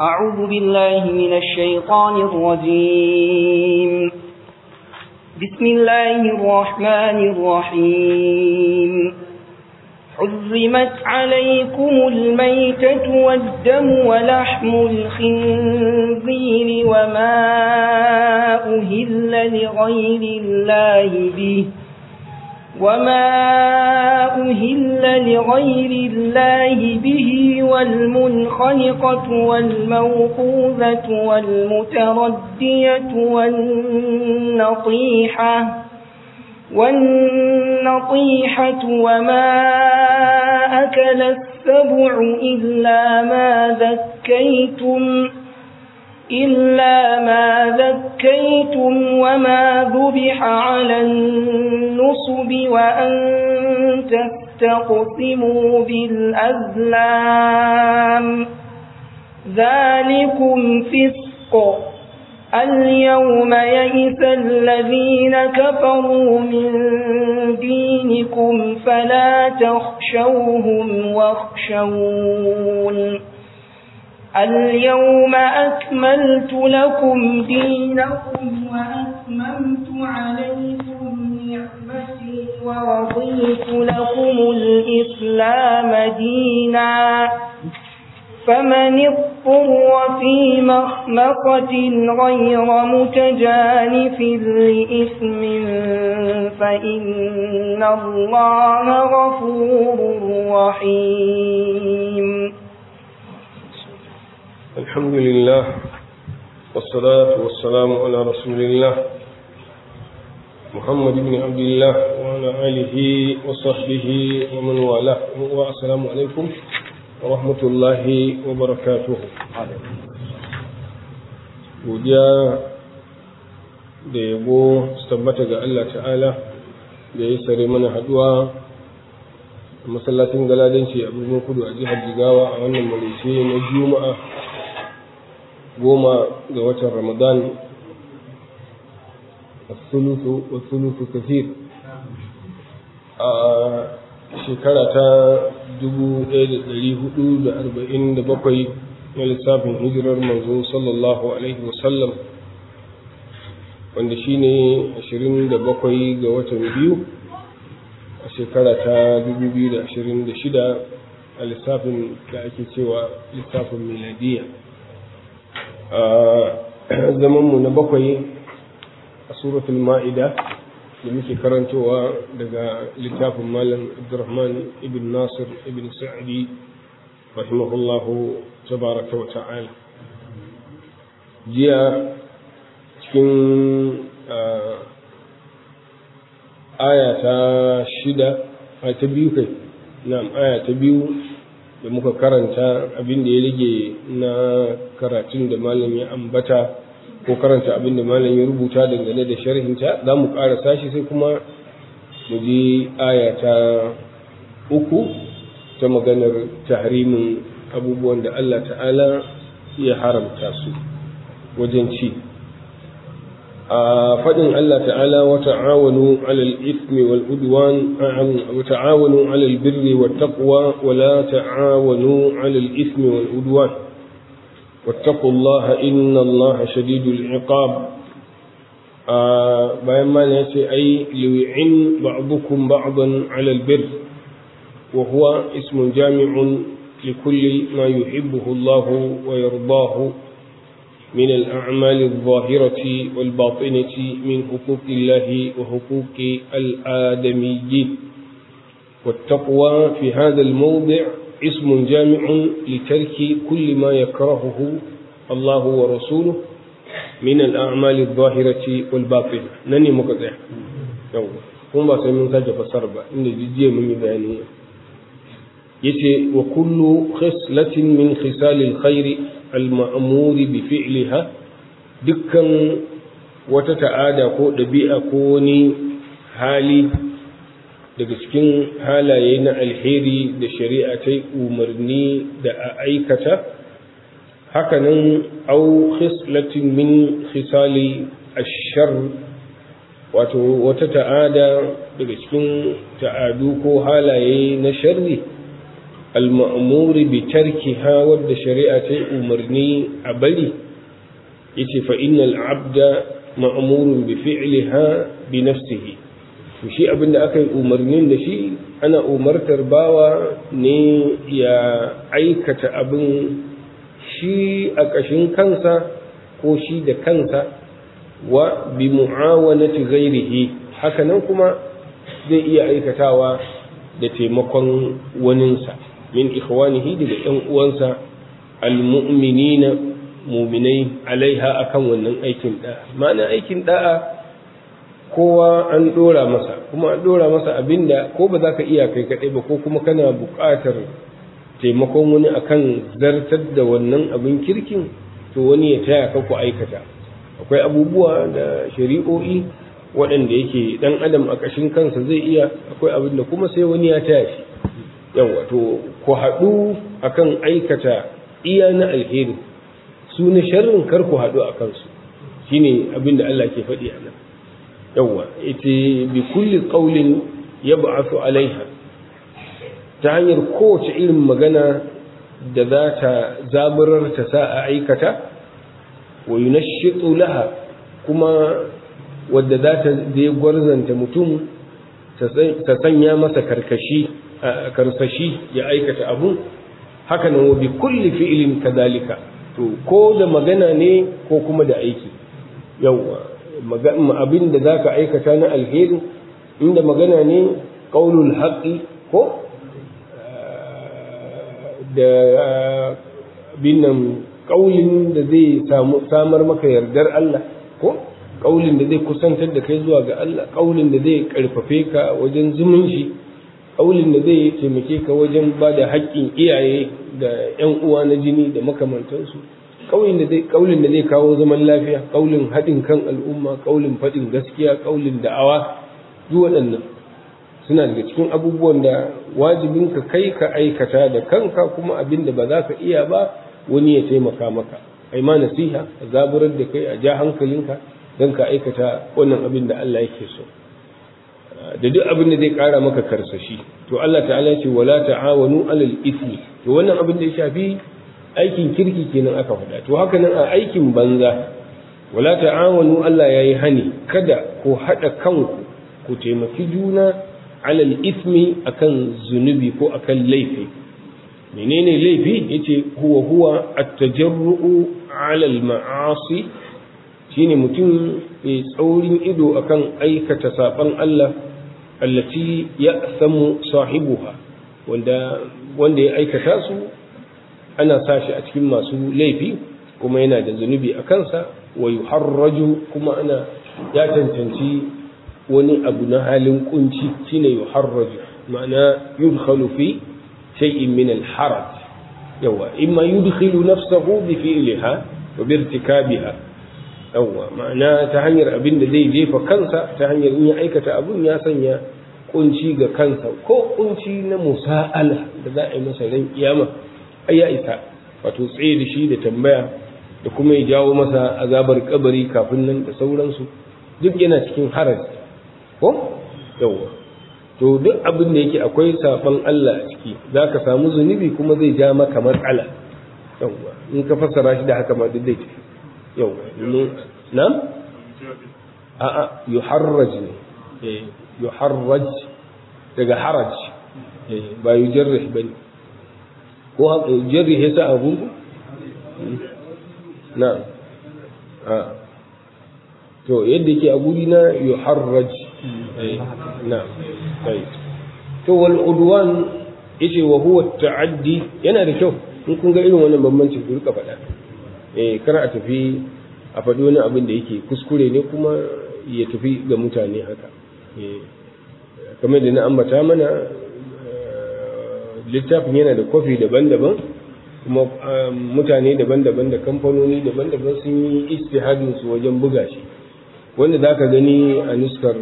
أعوذ بالله من الشيطان الرجيم بسم الله الرحمن الرحيم حرمت عليكم الميتة والدم ولحم الخنزير وما أهل لغير الله به وما أهل لغير الله به والمنخنقة والموقوذة والمتردية والنطيحة والنطيحة وما أكل السبع إلا ما ذكيتم إلا ما ذكيتم وما ذبح على النصب وأن تستقسموا بالأزلام ذلكم فسق اليوم يئس الذين كفروا من دينكم فلا تخشوهم واخشون اليوم أكملت لكم دينكم وأتممت عليكم نعمتي ورضيت لكم الإسلام دينا فمن اضطر في مخمقة غير متجانف لإثم فإن الله غفور رحيم الحمد لله والصلاة والسلام على رسول الله محمد بن عبد الله وعلى آله وصحبه ومن والاه والسلام عليكم ورحمة الله وبركاته godiya da yabo ga Allah ta'ala da mana masallacin galadanci a birnin kudu a jihar jigawa a wannan malice na juma'a goma ga watan ramadan asulusu wasulusu kafir a shekara ta 1447 na lissafin hijirar manzo sallallahu alaihi wasallam wanda shine 27 ga watan biyu a shekara ta 2026 a lissafin da ake cewa lissafin miladiyya Zaman mu na bakwai a suratul ma'ida da muke karantowa daga littafin malam abdurrahman ibn nasir ibn sa'adi rahimahullahu tabaraka wa ta'ala jiya cikin ayata shida a biyu kai na aya ta biyu da muka karanta abin da ya rage na karatun da malam ya ambata ko karanta abin da malam ya rubuta dangane da sharhinta za mu ƙara sashi sai kuma mu ji aya ta uku ta maganar tahrimin abubuwan da Allah ta'ala ya haramta su wajen ci فجن الله تعالى وتعاونوا على الإثم والعدوان وتعاونوا على البر والتقوى ولا تعاونوا على الإثم والعدوان واتقوا الله إن الله شديد العقاب آه، بما نأتي أي ليعن بعضكم بعضا على البر وهو اسم جامع لكل ما يحبه الله ويرضاه من الأعمال الظاهرة والباطنة من حقوق الله وحقوق الآدميين والتقوى في هذا الموضع اسم جامع لترك كل ما يكرهه الله ورسوله من الأعمال الظاهرة والباطنة نني مقطع هم بس من سجى فسربا إن جدي من بيانية يتي وكل خصلة من خصال الخير al-ma'amuri bi fi'liha dukkan wata ta'ada ko ɗabi'a ko wani hali daga cikin halaye na alheri da shari'a ta umarni da a aikata hakanan au khislatin min khisali ashar wato wata ta'ada daga cikin ta'adu ko halaye na sharri al-ma'muri bi tarkiha wadda shari'a ta umarni a bari yace fa innal abda ma'murun bi fi'liha bi nafsihi to shi da aka yi umarnin da shi ana umartar bawa ne ya aikata abin shi a ƙashin kansa ko shi da kansa wa bi mu'awanati ghairihi hakanan kuma zai iya aikatawa da taimakon waninsa min ikhwanihi daga 'yan uwansa almu'minina muminai alaiha akan wannan aikin da'a ma'ana aikin da'a kowa an dora masa kuma an dora masa abinda ko ba za ka iya kai kaɗai ba ko kuma kana buƙatar taimakon wani akan zartar da wannan abin kirkin to wani ya taya ka ku aikata akwai abubuwa da shari'o'i waɗanda yake ɗan adam a ƙashin kansa zai iya akwai abin da kuma sai wani ya taya shi yawa to ku haɗu akan aikata iya na alheri su ne sharrin kar ku haɗu a kansu shine abin da Allah ke faɗi a nan yawa ita bi kulli qaulin yab'athu alaiha ta hanyar kowace irin magana da za ta zaburar ta sa a aikata wa yunashshitu laha kuma wadda za ta zai gwarzanta mutum ta sanya masa karkashi karsashi ya aikata abu haka nan wabi kulli fi'ilin kadalika to ko da magana ne ko kuma da aiki yawa abin da zaka aikata na alheri inda magana ne qaulul haqqi ko da binnan qaulin da zai samar maka yardar Allah ko qaulin da zai kusantar da kai zuwa ga Allah qaulin da zai karfafe ka wajen zumunci aulin da zai taimake ka wajen ba da haƙƙin iyaye da 'yan uwa na jini da makamantansu kaulin da zai da zai kawo zaman lafiya kaulin haɗin kan al'umma kaulin faɗin gaskiya kaulin da'awa duk waɗannan suna daga cikin abubuwan da wajibin ka kai ka aikata da kanka kuma abin da ba za ka iya ba wani ya taimaka maka ai ma nasiha a zaburar da kai a ja hankalinka don ka aikata wannan abin da Allah yake so da duk abin da zai kara maka karsashi to Allah ta'ala ya ce wala ta'awanu alal ismi to wannan abin da ya shafi aikin kirki kenan aka faɗa to haka nan a aikin banza wala ta'awanu Allah yayi hani kada ku haɗa kanku ku taimaki juna alal ismi akan zunubi ko akan laifi menene laifi yace huwa huwa at-tajarru'u alal ma'asi shine mutum mai tsaurin ido akan aikata saban Allah allati ya'samu sahibuha wanda wanda ya aikata su ana sashi a cikin masu laifi kuma yana da zunubi a kansa wa yuharraju kuma ana ya tantanci wani abu na halin kunci shine yuharraju ma'ana yudkhalu fi shay'in min al-haraj yawa imma yudkhilu nafsahu bi fi'liha wa bi irtikabiha yawwa ma'ana ta hanyar abin da zai jefa kansa ta hanyar in ya aikata abin ya sanya kunci ga kansa ko kunci na musa'ala da za a yi masa ran kiyama ai ya isa wato tsaye da shi da tambaya da kuma ya jawo masa azabar kabari kafin nan da sauransu duk yana cikin haraji ko yawwa to duk abin da yake akwai safan Allah a ciki zaka samu zunubi kuma zai ja maka matsala yawwa in ka fassara shi da haka ma duk zai yau ne nan a a yuharraj ne eh. yuharraj daga haraj eh. ba ba ne ko ya sa abu Na, a hmm. to yadda ke a guri na yi yuharraj eh. na'am to wal udwan yace wa huwa ta'addi yana da kyau in kun ga irin wannan bambancin ku rika faɗa Eh, kar a tafi a faɗi wani abin da yake kuskure ne kuma ya tafi ga mutane haka eh, kamar da na ambata mana eh, littafin yana da kwafi daban-daban kuma mutane daban-daban da kamfanoni daban-daban sun yi istihadin su wajen buga shi wanda za ka gani a nuskar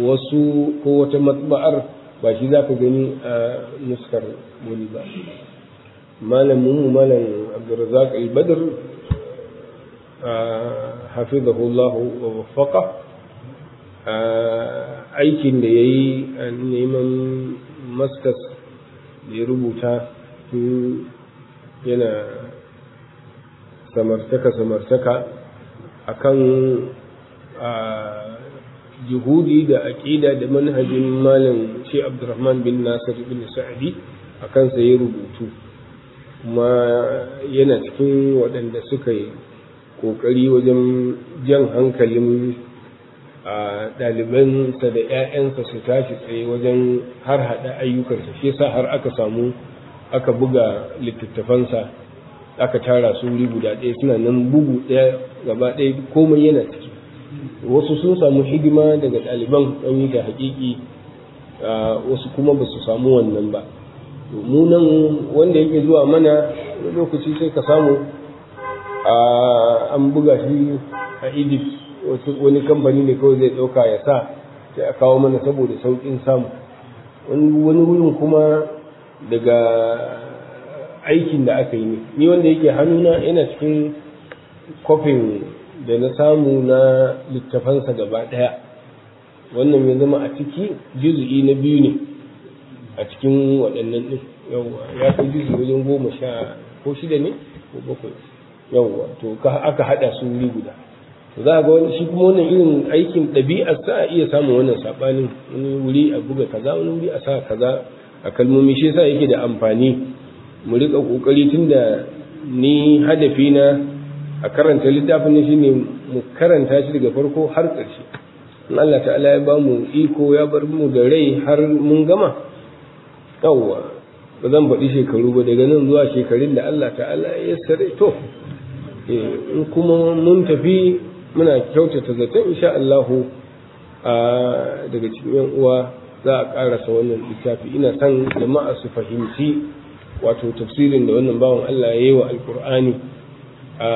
wasu ko wata matba'ar ba shi za ka gani a nuskar wani ba malamin mu malam Abdulrazak Al-Badr hafizahu Allah wa waffaqa aikin da yayi neman maskas da ya rubuta yana samartaka samartaka akan jihudi da aƙida da manhajin malam ce abdurrahman bin nasir bin sa'adi a kansa ya rubutu kuma yana cikin waɗanda suka yi ƙoƙari wajen jan hankalin a ɗalibansa da 'ya'yansa su tashi tsaye wajen har haɗa ayyukansa shi sa har aka samu aka buga littattafansa aka tara su wuri guda ɗaya suna nan bugu ɗaya gaba ɗaya komai yana ciki wasu sun samu hidima daga ɗaliban an yi da haƙiƙi wasu kuma ba su samu wannan ba mu wanda yake zuwa mana lokaci sai ka samu an buga shi a egypt wani kamfani ne kawai zai ɗauka ya sa sai a kawo mana saboda sauƙin samu wani wurin kuma daga aikin da aka yi ne ni wanda yake hannuna yana cikin kofin da na samu na littafansa gaba ɗaya wannan ya zama a ciki juzu'i na biyu ne a cikin waɗannan ɗin yawwa ya fi juzu wajen goma sha ko shida ne ko bakwai yawwa to aka haɗa su wuri guda to za a ga wani shi kuma wannan irin aikin ɗabi'ar sa a iya samun wannan saɓanin wani wuri a buga kaza wani wuri a sa kaza a kalmomi shi yasa yake da amfani mu riƙa ƙoƙari tunda ni hadafi na a karanta littafin ne shine mu karanta shi daga farko har ƙarshe in Allah ta'ala ya ba mu iko ya bar mu da rai har mun gama yawwa ba zan faɗi shekaru ba daga nan zuwa shekarun da Allah ta'ala ya sare to eh, in kuma mun tafi muna kyautata zaton insha Allahu daga cikin yan uwa za a ƙarasa wannan littafi ina san jama'a su fahimci wato tafsirin da wannan bawan Allah ya yi wa alkur'ani a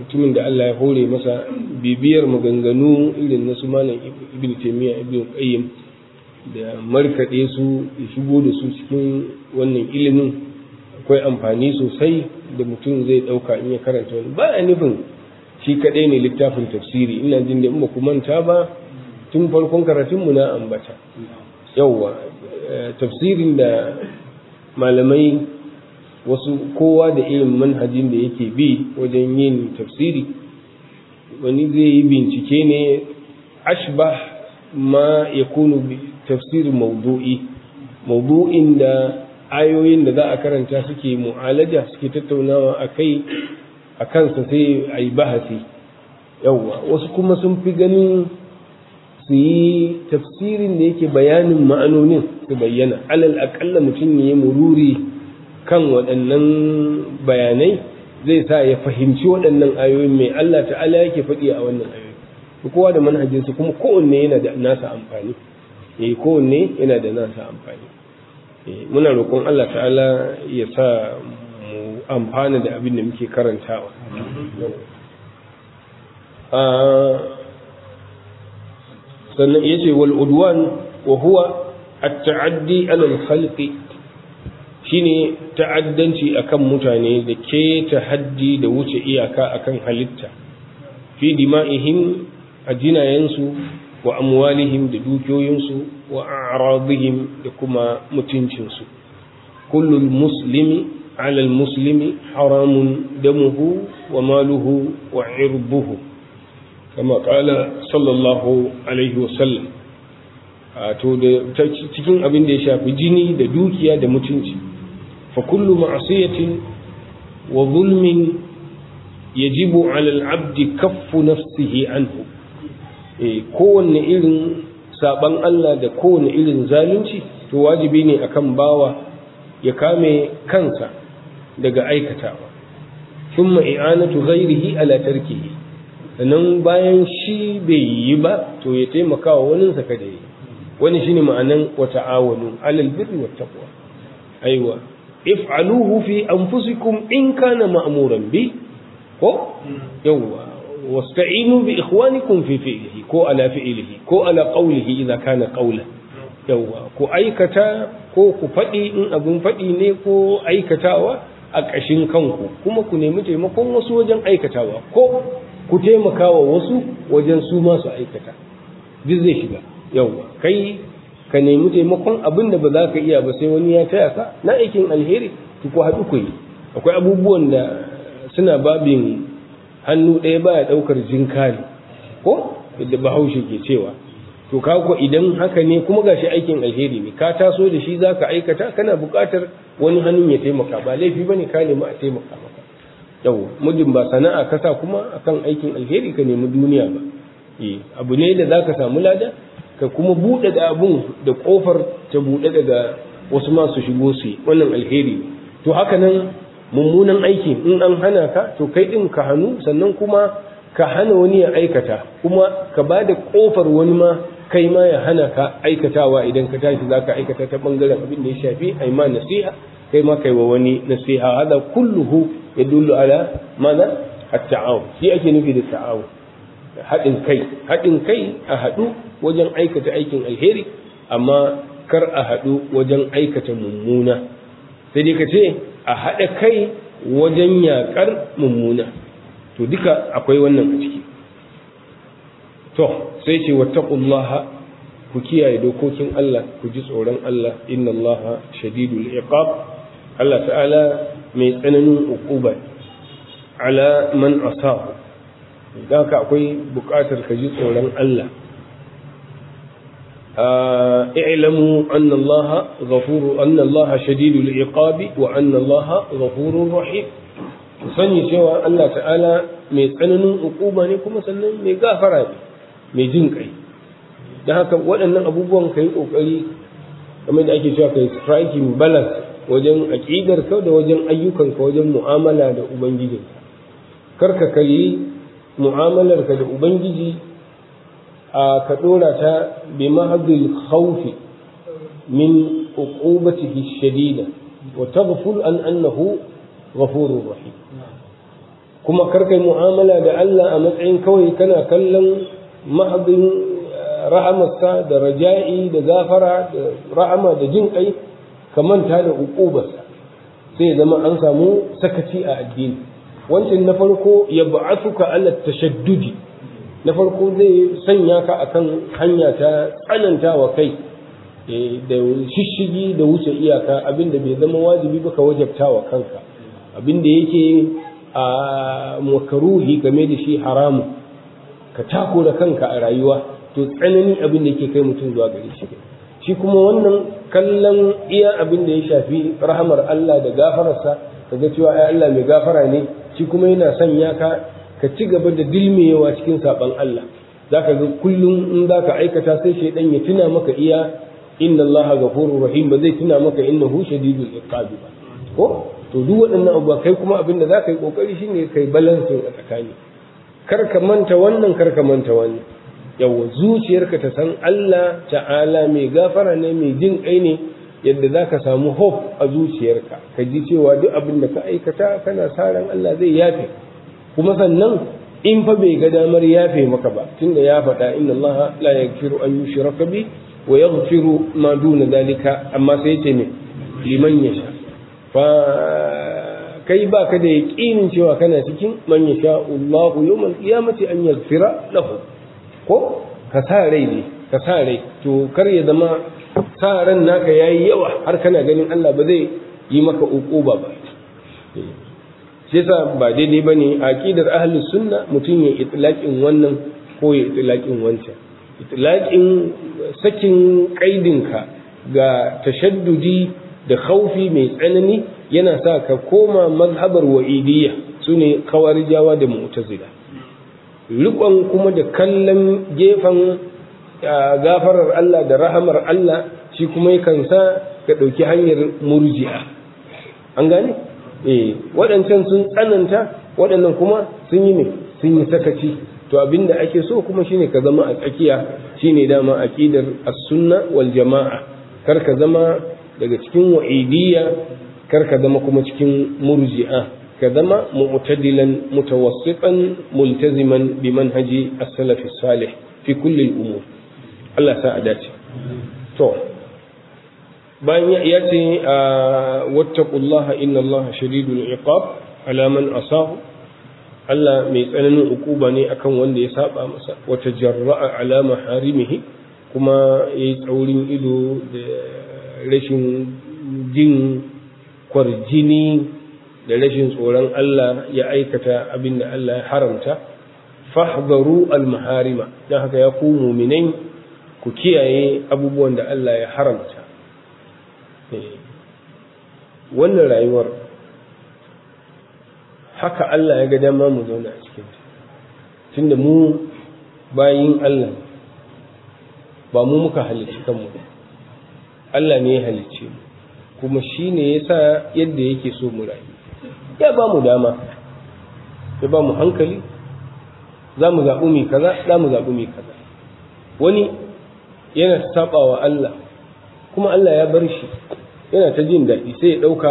mutumin da Allah ya hore masa bibiyar maganganu irin na su malam ibn taymiya ibn qayyim da markaɗe su ya shigo da su cikin wannan ilimin akwai amfani sosai da mutum zai ɗauka in ya karanta wani ba a nufin shi kaɗai ne littafin tafsiri ina jin da in ba ku manta ba tun farkon karatunmu na ambata yawwa eh, tafsirin da malamai wasu kowa da irin manhajin da yake bi wajen yin tafsiri wani zai yi bincike ne ashba ma ya kunu tafsirin mawdu'i mawdu'in da ayoyin da za a karanta suke mu'alaja suke tattaunawa a kai a kansa sai a yi bahasi yawwa wasu kuma sun fi ganin su yi tafsirin da yake bayanin ma'anonin su bayyana alal aƙalla mutum ne ya mururi kan waɗannan bayanai zai sa ya fahimci waɗannan ayoyin mai Allah ta'ala yake faɗi a wannan ayoyi kowa da manhajinsu kuma kowanne yana da nasa amfani eh ne yana da nasa amfani eh, muna roƙon Allah ta'ala ya sa mu amfana da abin da muke karantawa ah, sannan yace wal udwan wa huwa at-ta'addi ala al-khalqi shine ta'addanci akan mutane da ke ta haddi da wuce iyaka akan halitta fi dima'ihim a jinayensu wa amwalihim da dukiyoyinsu wa a'radihim da kuma mutuncinsu kullu muslimi ala muslimi haramun damuhu wa maluhu wa irbuhu kama kala sallallahu alaihi wa sallam to da cikin abin da ya shafi jini da dukiya da mutunci fa kullu ma'siyatin wa zulmin yajibu alal abdi kaffu nafsihi anhu Eh, kowanne irin saban Allah da kowanne irin zalunci to wajibi ne akan bawa ya kame kansa daga aikatawa thumma i'anatu ghairihi ala tarkihi nan bayan shi bai yi ba to ya taimaka wa wani saka da yi wani shine ma'anan wa ta'awanu alal birri wat taqwa aiwa if'aluhu fi anfusikum in kana ma'muran bi ko hmm. yawwa wasta'inu bi ikhwanikum fi fi'lihi ko ala fi'lihi ko ala qawlihi idza kana qawlan yawa ku aikata ko ku faɗi in abin faɗi ne ko aikatawa a ƙashin kanku kuma ku nemi taimakon wasu wajen aikatawa ko ku taimakawa wasu wajen su aikata duk zai shiga yawa kai ka nemi taimakon abin da ba ka iya ba sai wani ya taya ka na aikin alheri ku haɗu ku yi akwai abubuwan da suna babin hannu ɗaya baya ɗaukar jinkari ko yadda bahaushe ke cewa to ka idan haka ne kuma ga shi aikin alheri ne ka taso da shi zaka aikata kana buƙatar wani hannun ya taimaka ba laifi bane ka nemi a taimaka maka yau mijin ba sana'a kasa kuma akan aikin alheri ka nemi duniya ba eh abu ne da za ka samu lada ka kuma buɗe da abun da ƙofar ta buɗe daga wasu masu shigo su wannan alheri to haka nan mummunan aiki in an hana ka to kai din ka hannu sannan kuma ka hana wani ya aikata kuma ka ba da kofar wani ma kai ma ya hana ka aikatawa idan ka tashi za ka aikata ta bangaren abin da ya shafi ai ma nasiha kai ma kai wa wani nasiha hada kulluhu ya dullu ala mana a ta'awu shi ake nufi da ta'awu haɗin kai haɗin kai a haɗu wajen aikata aikin alheri amma kar a haɗu wajen aikata mummuna sai dai ka ce a haɗa kai wajen yaƙar mummuna to duka akwai wannan a ciki to sai ce wattaqullaha ku kiyaye dokokin Allah ku ji tsoron Allah inna Allah shadidul iqab Allah ta'ala mai tsananin uquba ala man asahu don ka akwai buƙatar ka ji tsoron Allah اعلموا أن الله غفور أن الله wa العقاب وأن الله sani cewa Allah ta'ala mai tsananin hukuma ne kuma sannan mai gafara ne mai jin kai don haka waɗannan abubuwan ka yi ƙoƙari kamar da ake cewa ka yi striking balance wajen aƙidar ka da wajen ayyukan wajen mu'amala da ubangijinka kar ka kalli mu'amalar da ubangiji a ka dora ta bi ma'adil khawfi min uqubatihi shadida wa taghful an annahu ghafurur rahim kuma kai mu'amala da Allah a matsayin kawai kana kallon ma'adin rahamarsa da raja'i da gafara da rahama da jin kai ka manta da uqubarsa sai zama an samu sakaci a addini wancan na farko ya ka ala tashaddudi na farko zai sanya ka akan hanya ta tsananta wa kai eh, da shishigi da wuce iyaka abinda bai zama wajibi ba ka wajabta wa kanka abinda yake a makaruhi game da shi haramu ka da kanka a rayuwa to tsananin abinda yake kai mutum zuwa gari shi shi kuma wannan kallon iya abinda ya shafi rahamar Allah da gafararsa ga cewa ai Allah mai gafara ne shi kuma yana sanya ka ka ci gaba da dilmiyewa cikin saɓan Allah zaka ga kullum in za ka aikata sai shaidan ya tuna maka iya inna Allah ghafurur rahim ba zai tuna maka innahu shadidul iqab ba ko to duk waɗannan abubuwa kai kuma abin da za ka yi ƙoƙari shi ne kai balance a tsakani kar ka manta wannan kar ka manta wannan yawa zuciyarka ta san Allah ta'ala mai gafara ne mai jin kai ne yadda za ka samu hope a zuciyarka ka ji cewa duk abin da ka aikata kana sa ran Allah zai yafe kuma sannan in fa bai ga damar yafe maka ba tunda ya faɗa inna Allah la yaghfiru an yushraka bi wa yaghfiru ma duna dalika amma sai yace ne liman yasha fa kai ba ka da yaqinin cewa kana cikin man yasha Allah yawmal qiyamati an yaghfira lahu ko ka sa rai ne ka sa rai to kar ya zama sa ran naka yayi yawa har kana ganin Allah ba zai yi maka uquba ba eh. shi yasa ba daidai ba ne a ƙidar ahalin sunna mutum ya itilakin wannan ko ya itilakin wancan itilaƙin sakin kaidinka ga tashaddudi da haufi mai tsanani yana sa ka koma mazhabar wa'idiyya su sune jawa da mu'tazila riƙon kuma da kallon gefen gafarar Allah da rahamar Allah shi kuma yakan sa ka ɗauki hanyar murji'a an gane eh waɗancan sun tsananta waɗannan kuma sun yi ne sun yi sakaci to abin da ake so kuma shine ka zama a tsakiya shine dama aqidar as-sunna wal jama'a kar ka zama daga cikin wa'idiyya kar ka zama kuma cikin murji'a ka zama mu'tadilan mutawassitan multaziman bi manhaji as-salaf salih fi kulli al-umur Allah sa a dace to bayan ya ce ah, wattaqullaha inna allaha shadidul iqab ala man asahu Allah mai tsananin ukuba ne akan wanda ya saba masa wata jarra'a ala maharimihi kuma yayi tsaurin ido da rashin jin kwarjini da rashin tsoron Allah ya aikata abin da Allah ya haramta fahdaru al maharima dan haka ya ku mu'minai ku kiyaye abubuwan da Allah ya haramta wannan rayuwar haka Allah ya ga dama mu zauna a cikin tunda mu bayin Allah ba mu muka halicci kanmu da. Allah ne ya halicce mu kuma shi ne ya sa yadda yake so mu rayu ya ba mu dama ya ba mu hankali za mu zaɓi mai kaza za mu zaɓi mai kaza wani yana saɓa wa Allah kuma Allah ya bar shi yana ta jin daɗi sai ya ɗauka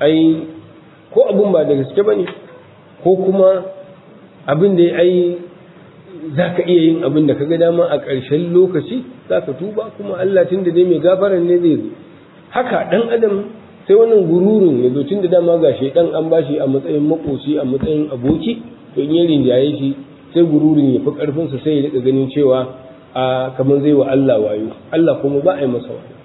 ai ko abin ba da gaske ba ne ko kuma abin da ai za ka iya yin abin da ka ga dama a ƙarshen lokaci za ka tuba kuma Allah tun da dai mai gafaran ne zai zo haka ɗan adam sai wannan gururun ya zo tun da dama ga ɗan an bashi a matsayin makoci a matsayin aboki to in ya rinjaye shi sai gururin ya fi ƙarfinsa sai ya daga ganin cewa a kamar zai wa Allah wayo Allah kuma ba a yi masa wayo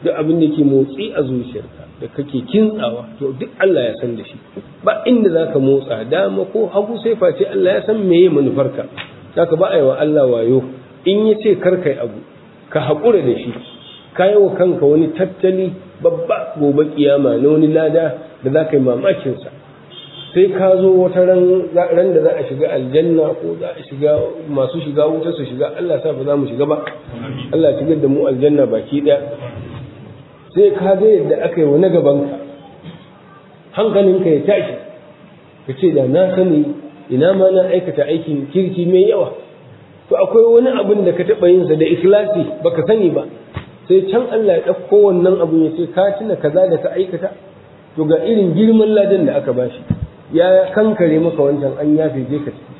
duk abin da ke motsi a zuciyarka da kake kintsawa to duk Allah ya san da shi ba inda zaka motsa dama ko hagu sai face Allah ya san meye manufarka zaka ba aiwa Allah wayo in ya ce kar kai abu ka haƙura da shi ka yi wa kanka wani tattali babba gobe kiyama na wani lada da za ka yi mamakinsa sai ka zo wata ran da za a shiga aljanna ko za a shiga masu shiga wuta su shiga Allah sa ba za mu shiga ba Allah shigar da mu aljanna baki daya sai ka ga yadda aka yi wani gabanka hankalinka ya tashi ka ce da na sani ina ma na aikata aikin kirki mai yawa to akwai wani abin da ka taɓa yinsa da ikhlasi baka sani ba sai can Allah ya ɗauko wannan abu ya ce ka tuna kaza da ka aikata to ga irin girman ladan da aka bashi ya kankare maka wancan an yafe fi ka ciki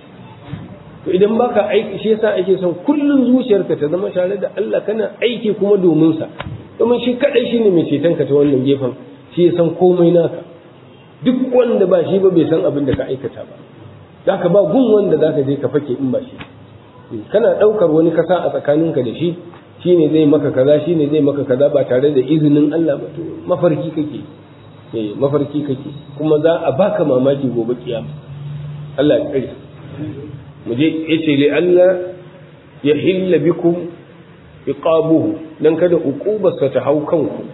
to idan baka aiki shi yasa ake son kullum zuciyarka ta zama tare da Allah kana aiki kuma domin sa domin shi kadai shine mai ceton ka ta wannan gefen shi ya san komai naka duk wanda ba shi ba bai san abin da ka aikata ba za ka ba gun wanda za ka je ka fake in ba shi kana daukar wani kasa a tsakaninka da shi shine zai maka kaza shine zai maka kaza ba tare da izinin Allah ba to mafarki kake eh mafarki kake kuma za a baka mamaki gobe kiyama Allah ya kare mu je yace li Allah ya hilla bikum iqabuhu dan kada uqubarsa ta hau kanku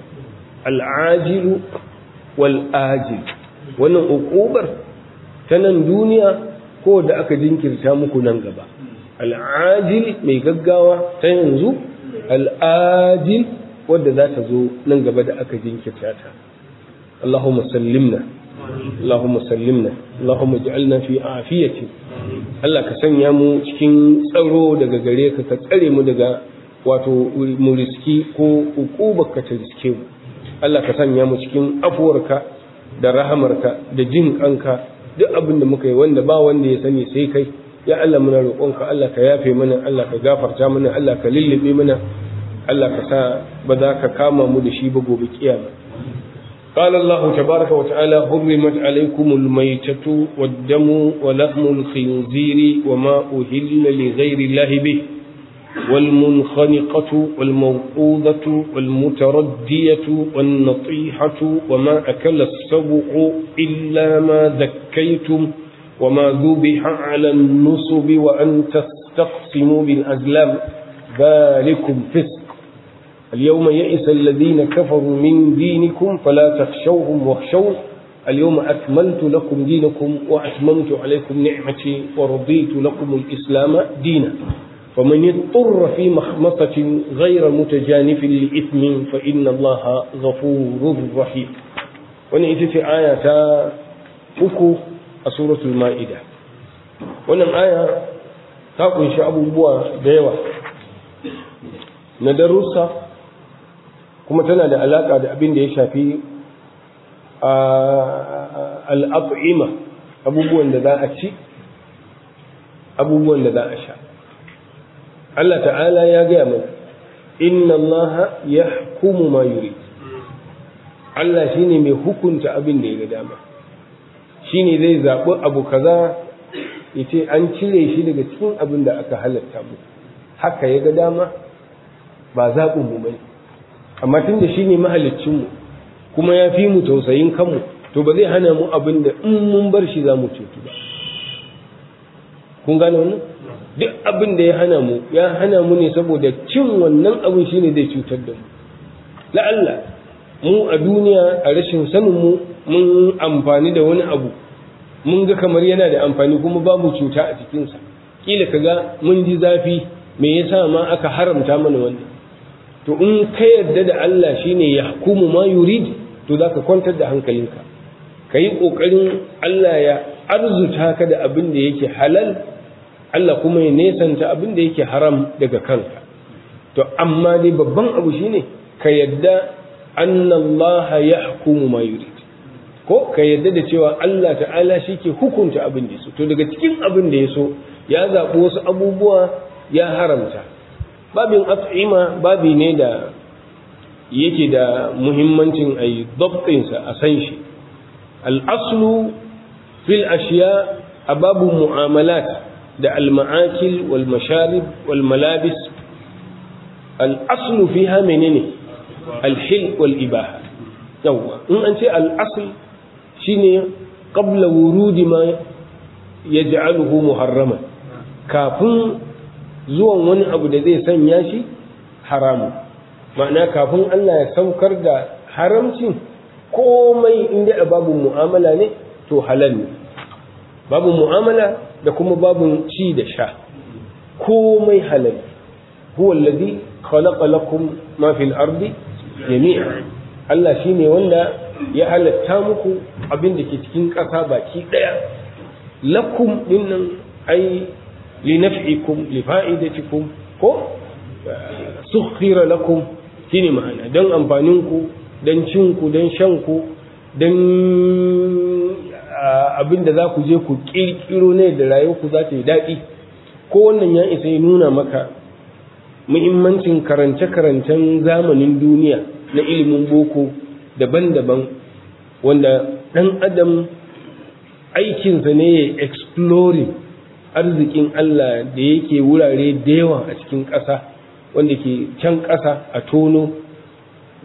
al'ajilu wal ajil wannan uqubar ta nan duniya ko da aka jinkirta muku nan gaba al'ajil mai gaggawa ta yanzu al'ajil wanda za ta zo nan gaba da aka jinkirta ta Allahumma sallimna Allahumma sallimna Allahumma ij'alna fi afiyati Allah ka sanya mu cikin tsaro daga gare ka ka tsare mu daga wato mu riski ko uqubarka ta riske mu Allah ka sanya mu cikin afuwarka da rahamarka da jin kanka duk abin da muka yi wanda ba wanda ya sani sai kai ya Allah muna roƙonka Allah ka yafe mana Allah ka gafarta mana Allah ka lullube mana Allah ka sa ba za ka kama mu da shi ba gobe kiyama قال الله تبارك وتعالى حرمت عليكم الميتة والدم ولحم الخنزير وما أهل لغير الله به والمنخنقة والموقوذة والمتردية والنطيحة وما أكل السبع إلا ما ذكيتم وما ذبح على النصب وأن تستقسموا بالأزلام ذلكم فسق اليوم يئس الذين كفروا من دينكم فلا تخشوهم واخشوه اليوم أكملت لكم دينكم وأتممت عليكم نعمتي ورضيت لكم الإسلام دينا فمن اضطر في مخمصة غير متجانف لإثم فإن الله غفور رحيم wannan ita ce aya ta uku a suratul ma'ida wannan aya ta kunshi abubuwa da yawa na darussa kuma tana da alaƙa da abin da ya shafi al'af'ima abubuwan da za a ci abubuwan da za a sha Allah ta'ala ya gaya mai inna Allah ya hukumu ma yuri Allah shi ne mai hukunta abin da ya ga dama shi ne zai zaɓi abu kaza ya ce an cire shi daga cikin abin da aka halatta mu haka ya ga dama ba zaɓin mu bane amma tun da shi ne mahaliccinmu kuma ya fi mu tausayin kanmu to ba zai hana mu abin da in mun bar shi za mu cutu kun gane wannan duk abin da ya hana mu ya hana mu ne saboda cin wannan abin shine zai cutar da mu la'alla mu a duniya a rashin sanin mu mun amfani da wani abu mun ga kamar yana da amfani kuma babu cuta a cikinsa kila kaga mun ji zafi me yasa ma aka haramta mana wannan to in ka yarda da Allah shine ya hukumu ma yurid to zaka kwantar da hankalinka ka yi ƙoƙarin Allah ya arzuta ka da abin da yake halal Allah kuma ya nesanta abin da yake haram daga kanka to amma dai babban abu shine ka yadda annallaha yahkumu ma yurid ko ka yadda da cewa Allah ta'ala shi ke hukunta abin da yaso to daga cikin abin da so ya zaɓi wasu abubuwa ya haramta babin at'ima babi ne da yake da muhimmancin ayi yi dabtinsa a san shi al'aslu fil ashiya a babu mu'amalat da al-ma'akil walmalabis masharib fi malabis ne, alhil fiha menene in an ce al shi shine qabla wurudi ma yaj'aluhu muharraman kafin zuwan wani abu da zai sanya shi haramu ma'ana kafin Allah ya saukar da haramcin komai inda babu mu'amala ne to halal ne babu mu'amala da kuma babu ci da sha komai halal huwa allazi khalaqa lakum ma fil ardi jami'a Allah shine wanda ya halatta muku abin da ke cikin ƙasa baki ɗaya lakum dinnan ai li naf'ikum li fa'idatikum ko sukhira lakum shine ma'ana dan amfanin ku dan cinku, ku dan shan ku dan abin da za ku je ku kirkiro ne da rayuwarku za ta yi daɗi ko wannan ya isa ya nuna maka muhimmancin karance-karancen zamanin duniya na ilimin boko daban-daban wanda ɗan adam aikinsa ne ya exploring arzikin Allah da yake wurare da yawa a cikin ƙasa wanda ke can ƙasa a tono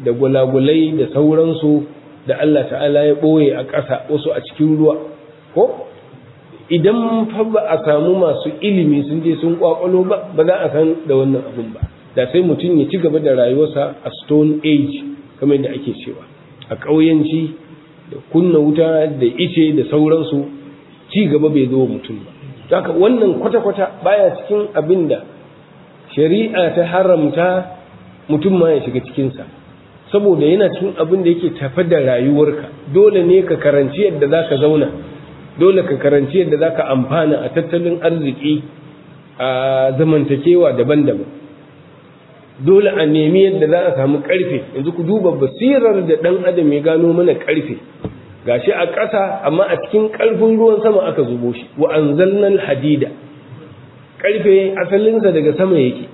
da gulagulai da sauransu da Allah ta'ala ya ɓoye a ƙasa wasu a cikin ruwa ko idan fa ba a samu masu ilimi sun je sun kwakwalo ba ba za a san da wannan abun ba da sai mutum ya ci gaba da rayuwarsa a stone age kamar yadda ake cewa a ƙauyanci da kunna wuta da ice da sauransu ci gaba bai zo mutum ba haka wannan kwata-kwata baya cikin abin da shari'a ta haramta mutum ma ya shiga cikinsa saboda yana cikin abin da yake tafi da rayuwarka dole ne ka karanci yadda za ka zauna dole ka karanci yadda za ka amfana a tattalin arziki a zamantakewa daban-daban dole a nemi yadda za a samu karfe yanzu ku duba basirar da ɗan adam ya gano mana karfe gashi a ƙasa amma a cikin ƙarfin ruwan sama aka zubo shi wa anzalnal hadida karfe asalinsa daga sama yake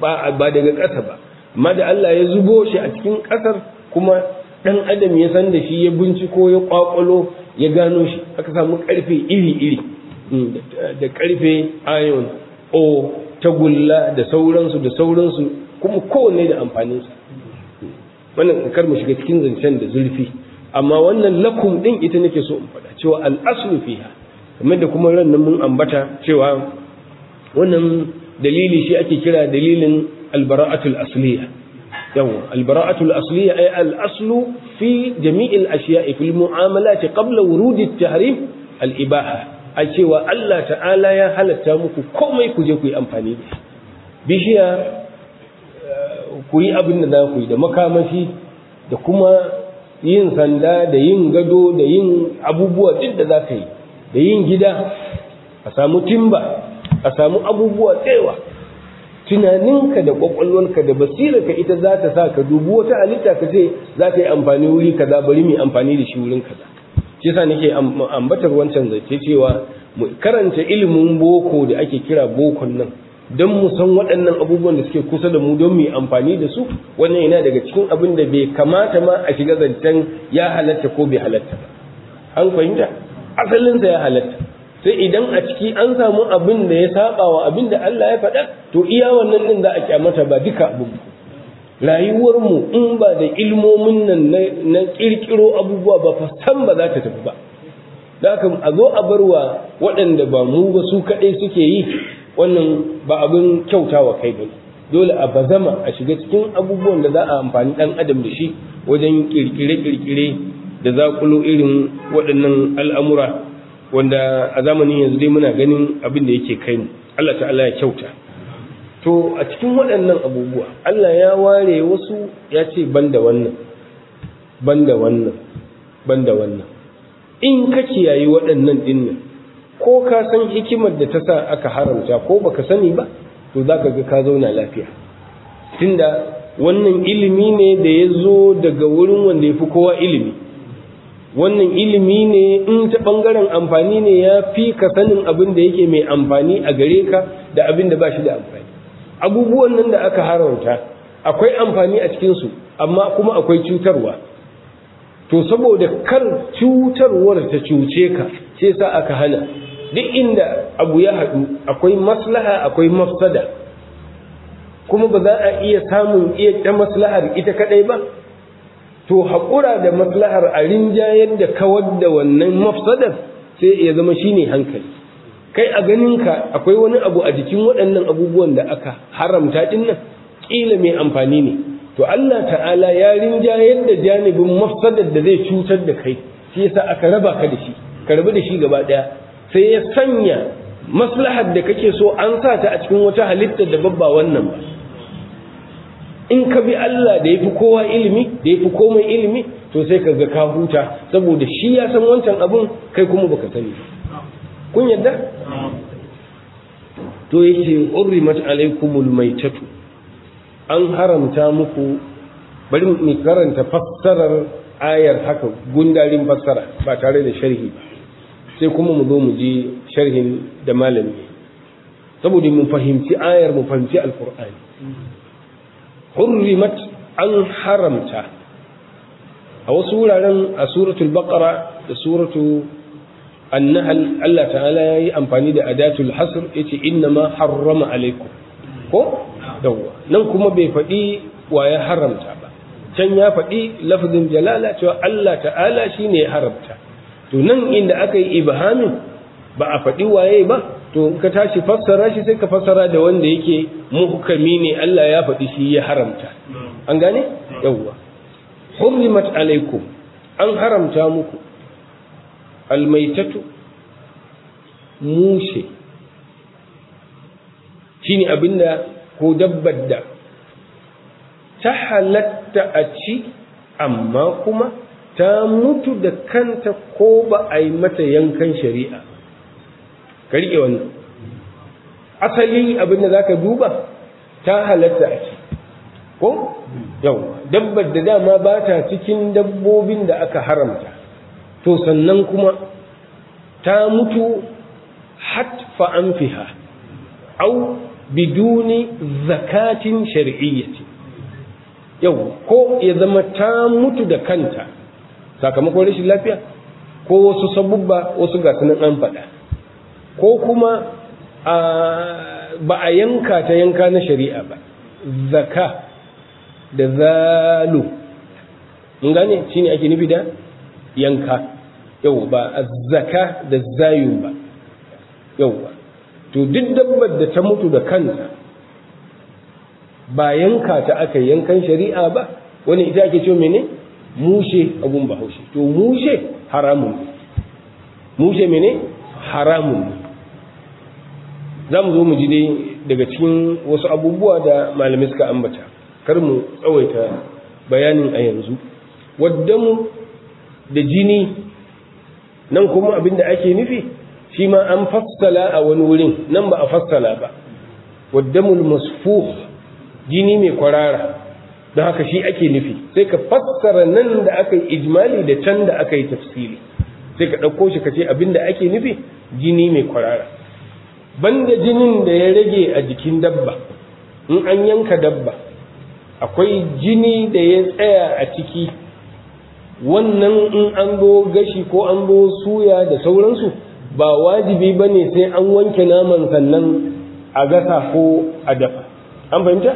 ba daga ƙasa ba amma Allah ya zubo shi a cikin ƙasar kuma ɗan adam ya san da shi ya binciko ya ƙwaƙwalo ya gano shi aka samu ƙarfe iri-iri mm, da ƙarfe iron o tagulla da sauransu da sauransu kuma kowanne da amfaninsa wannan kar mu shiga cikin zancen da zurfi amma wannan lakum ɗin ita nake so in faɗa cewa al'aslu fiha kamar da kuma ran nan mun ambata cewa wannan dalili shi ake kira dalilin albara'atul asliya yawa albara'atul asliya ay al-aslu fi jami'il ashiya'i fil mu'amalati qabla wurudi at-tahrim al-ibaha a cewa Allah ta'ala ya halatta muku komai ku je ku yi amfani da bishiya eh, ku yi abin da za ku yi da makamashi da kuma yin sanda da yin gado da yin abubuwa duk da za ka yi da yin gida a samu timba a samu abubuwa tsewa tunaninka da kwakwalwarka da basirarka ita za ta sa ka dubu wata halitta ka ce za ta yi amfani wuri kaza bari mu amfani da shi wurin kaza shi yasa nake ambatar wancan zance cewa mu karanta ilimin boko da ake kira bokon nan don mu san waɗannan abubuwan da suke kusa da mu don mu yi amfani da su wannan yana daga cikin abin da bai kamata ma a shiga zancen ya halatta ko bai halatta an fahimta asalinsa ya halatta sai idan a ciki an samu abin da ya saba wa abin da Allah ya faɗa to iya wannan din za a kyamata ba duka abin rayuwar mu in ba da ilmomin nan na kirkiro abubuwa ba fa san ba za ta tafi ba da haka a zo a barwa waɗanda ba mu ba su kaɗai suke yi wannan ba abin kyautawa kai ba dole a bazama a shiga cikin abubuwan da za a amfani ɗan adam da shi wajen kirkire-kirkire da zakulo irin waɗannan al'amura wanda a zamanin yanzu dai muna ganin abin da yake kai mu Allah ta'ala ya kyauta to a cikin waɗannan abubuwa Allah ya ware wasu ya ce ban da wannan ban da wannan ban da wannan in ka kiyaye waɗannan nan ko ka san hikimar da ta sa aka haramta ko baka sani ba to za ka ga ka zauna lafiya tunda wannan ilimi ne da ya zo daga wurin wanda ya fi kowa ilimi wannan ilimi ne in ta bangaren amfani ne ya fi ka sanin abin da yake mai amfani a gare ka da abin da ba shi da amfani abubuwan nan da aka haramta akwai amfani a cikinsu amma kuma akwai cutarwa to saboda kar cutarwar ta cuce ka sai sa aka hana duk inda abu ya haɗu akwai maslaha akwai mafsada kuma ba za a iya samun iya ta maslahar ita kaɗai ba to haƙura da maslahar a rinjayar da kawar da wannan mafsadar sai ya zama shine hankali kai a ganin ka akwai wani abu a jikin waɗannan abubuwan da aka haramta ɗin nan ƙila mai amfani ne to Allah ta'ala ya rinjayar da janibin mafsadar da zai cutar da kai ya yasa aka raba ka da shi ka rabu da shi gaba ɗaya sai ya sanya maslahar da kake so an sa ta a cikin wata halitta da babba wannan ba in ka bi Allah da ya fi kowa ilimi da ya fi komai ilimi to sai ka ga ka huta saboda shi ya san wancan abun kai kuma baka sani kun yadda to yake mat alaikumul maitatu an haramta muku bari mu karanta fassarar ayar haka gundarin fassara ba tare da sharhi ba sai kuma mu zo mu ji sharhin da malami saboda mu fahimci ayar mu fahimci alqur'ani hurrimat an haramta a wasu wuraren a suratul baqara da suratu annahal Allah ta'ala ya yi amfani da adatul hasr ya ce inna ma harrama alaikum ko yawwa nan kuma bai faɗi wa ya haramta ba can ya faɗi lafazin jalala cewa Allah ta'ala shine ya haramta to nan inda aka yi ibhamin ba a faɗi waye ba to in ka tashi fassara shi sai ka fassara da wanda yake muhkami ne Allah ya faɗi shi ya haramta an gane yawwa hurrimat alaikum an haramta muku almaitatu mushe shine abinda ko dabbar da ta halatta a ci amma kuma ta mutu da kanta ko ba a yi mata yankan shari'a ka riƙe wannan asali abin da za ka duba ta halatta a ci ko yau dabbar da dama ba ta cikin dabbobin da aka haramta to sannan kuma ta mutu hatfa an fiha au biduni zakatin shari'iyyati yau ko ya zama ta mutu da kanta sakamakon rashin lafiya ko wasu sabubba wasu gasunan an faɗa ko kuma ba a yanka ta yanka na shari'a ba zaka da zalu mun gane shine ake nufi da yanka yau ba zaka da zayu ba yau ba to duk dabbar da ta mutu da kanta ba yanka ta aka yankan shari'a ba wani ita ake ce mene mushe abun bahaushe to mushe haramun mushe mene haramun za mu zo mu ji dai daga cikin wasu abubuwa da malamai suka ambata kar mu tsawaita bayanin a yanzu waddamu da jini nan kuma abin da ake nufi shi ma an fassala a wani wurin nan ba a fassala ba waddamul masfu, jini mai kwarara don haka shi ake nufi sai ka fassara nan da aka yi ijmali da can da aka yi tafsiri sai ka ɗauko shi ka ce abin da ake nufi jini mai kwarara banda jinin da ya rage a jikin dabba in an yanka dabba akwai jini da ya tsaya a ciki wannan in an zo gashi ko an zo suya da sauransu ba wajibi ba ne sai an wanke naman sannan a gasa ko a dafa an fahimta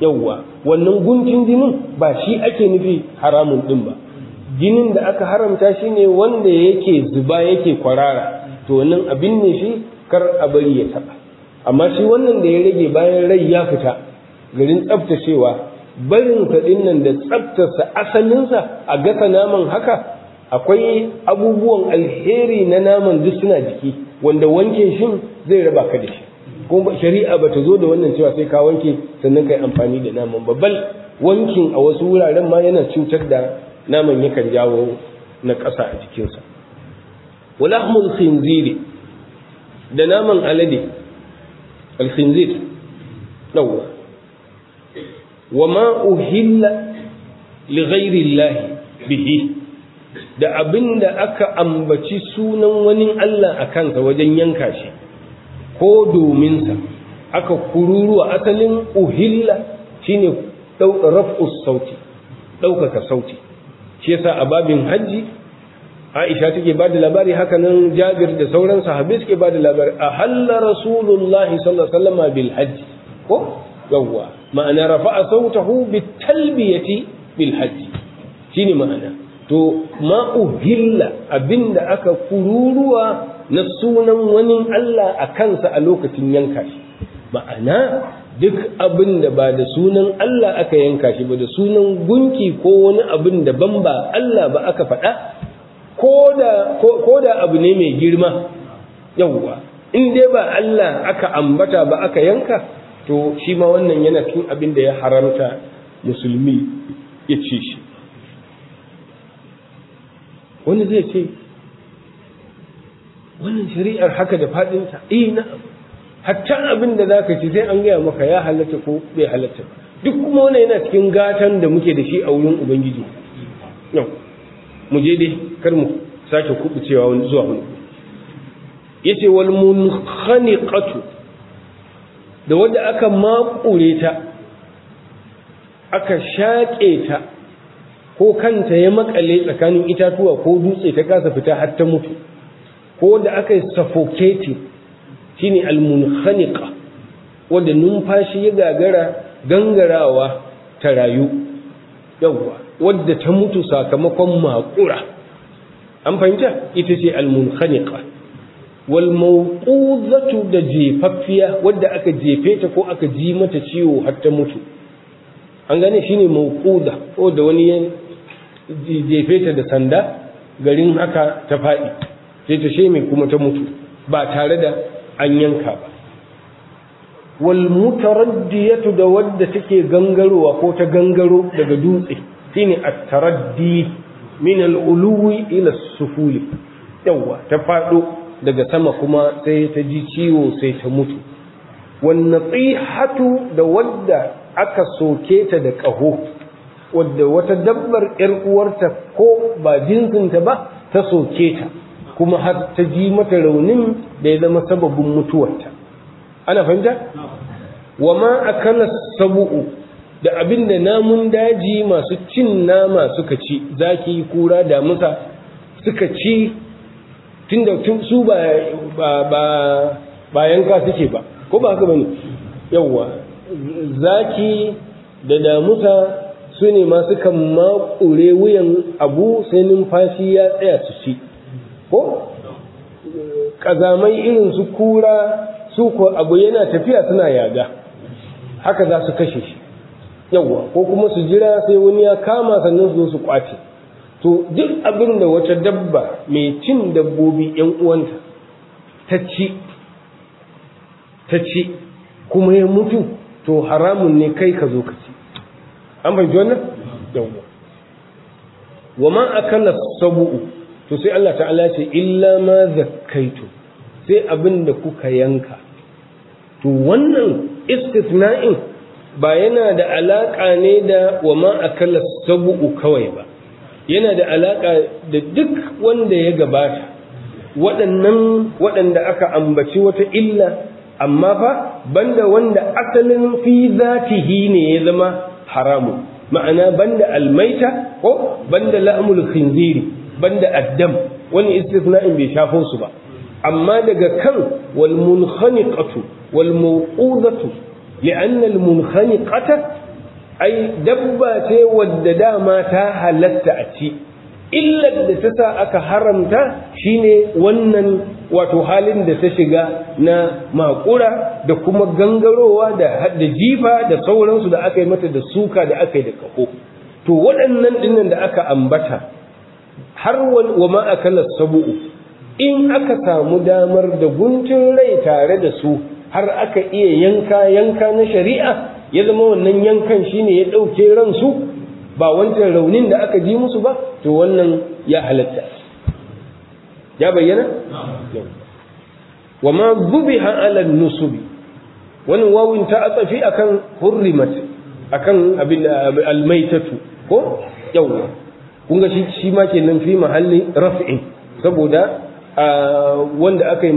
yauwa wannan guntun jinin ba shi ake nufi haramun din ba jinin da aka haramta shi ne wanda yake zuba yake kwarara to nan abin ne shi kar a bari ya taba amma shi wannan da ya rage bayan rai ya fita garin tsaftacewa barin faɗin nan da tsaftarsa asalinsa a gasa naman haka akwai abubuwan alheri na naman duk suna jiki wanda wanke shi zai raba ka da shi kuma shari'a bata zo da wannan cewa sai ka wanke sannan kai amfani da naman babbal wankin a wasu wuraren ma yana cutar da naman yakan jawo na ƙasa a jikinsa wala khinziri da naman alade alkhinzir dawa wa ma uhilla li ghairillahi bihi da abinda aka ambaci sunan wani Allah a kansa wajen yanka shi ko domin sa aka kururuwa asalin uhilla shine rafu sauti ɗaukaka sauti shi yasa a babin hajji aisha take ba da labari haka nan jabir da sauran sahabbai suke ba da labari a halla rasulullahi sallallahu alaihi wasallam bil hajj ko yawwa ma'ana rafa'a sautahu bit talbiyati bil hajj shine ma'ana to ma uhilla abinda aka kururuwa na sunan wani Allah a kansa a lokacin yanka shi ma'ana duk abin da ba da sunan Allah aka yanka shi ba da sunan gunki ko wani abin ban ba Allah ba aka faɗa ko da abu ne mai girma yawwa in dai ba Allah aka ambata ba aka yanka to shi ma wannan yana cikin abin da ya haramta musulmi ya ce shi wani zai ce wannan shari'ar haka da faɗinta eh na hatta abin da zaka ci sai an gaya maka ya halatta ko bai halatta duk kuma wannan yana cikin gatan da muke da shi a wurin ubangiji yau mu je dai kar mu sake cewa wani zuwa wani yace wal munkhaniqatu da wanda aka makure ta aka shaƙe ta ko kanta ya maƙale tsakanin itatuwa ko dutse ta kasa fita har ta mutu ko wanda aka yi suffocating shine almunkhaniqa wanda numfashi ya gagara gangarawa ta rayu yawwa wadda ta mutu sakamakon maƙura an fahimta ita ce almunkhaniqa wal mawquzatu da jefaffiya wadda aka jefe ta ko aka ji mata ciwo har ta mutu an gane shine mawquza ko da wani ya jefe ta da sanda garin haka ta faɗi sai ta sheme kuma ta mutu ba tare da an yanka ba wal mutaraddiyatu da wadda take gangarowa ko ta gangaro daga dutse shine at-taraddi min al-ulwi ila sufuli yawa ta fado daga sama kuma sai ta ji ciwo sai ta mutu wan natihatu da wadda aka soke ta da ƙaho wadda wata dabbar ‘yar uwarta ko ba jinsinta ba ta soke ta kuma har ta ji mata raunin da ya zama sababin mutuwarta ana fahimta? wa ma akala sabu'u da abin da namun daji masu cin nama suka ci zaki kura musa suka ci tun su ba ba ba yanka suke ba ko ba haka bane yawa zaki da damusa su ne masu kan makure wuyan abu sai numfashi ya tsaya su ci ko kazamai irin su kura su ko abu yana tafiya suna yaga haka za su kashe shi yawa ko kuma su jira sai wani ya kama sannan su su kwace to duk abin da wata dabba mai cin dabbobi yan uwanta ta ci ta ci kuma ya mutu to haramun ne kai ka zo ka ci an bai wannan yawa wa man akala sabu'u to sai Allah ta'ala ce illa ma zakkaitu sai abin da kuka yanka to wannan istisna'in ba yana da alaƙa ne da wa ma akalla sabu'u kawai ba yana da alaƙa da duk wanda ya gabata waɗannan waɗanda aka ambaci wata illa amma fa banda wanda asalin fi zatihi ne ya zama haramu ma'ana banda almaita ko banda la'amul khinziri banda addam wani istisna'in bai shafo su ba amma daga kan wal munkhaniqatu wal mawqudatu li'anna al-munkhaniqata ai dabba ce wanda dama ta halatta a ci illar da ta sa aka haramta shine wannan wato halin da ta shiga na makura da kuma gangarowa da jifa da sauransu da aka yi mata da suka da aka yi da kako to waɗannan ɗinnan da aka ambata har wa ma akala sabu'u in aka samu damar da guntun rai tare da su har aka iya yanka yanka na shari'a ya zama wannan yankan shine ya ɗauke ransu ba wancan raunin da aka ji musu ba to wannan ya halatta ya bayyana wa ma zubiha ala nusubi wannan wawin ta a akan hurrimat akan abin almaitatu ko yawwa kun ga shi ma kenan fi mahalli raf'in saboda wanda aka yi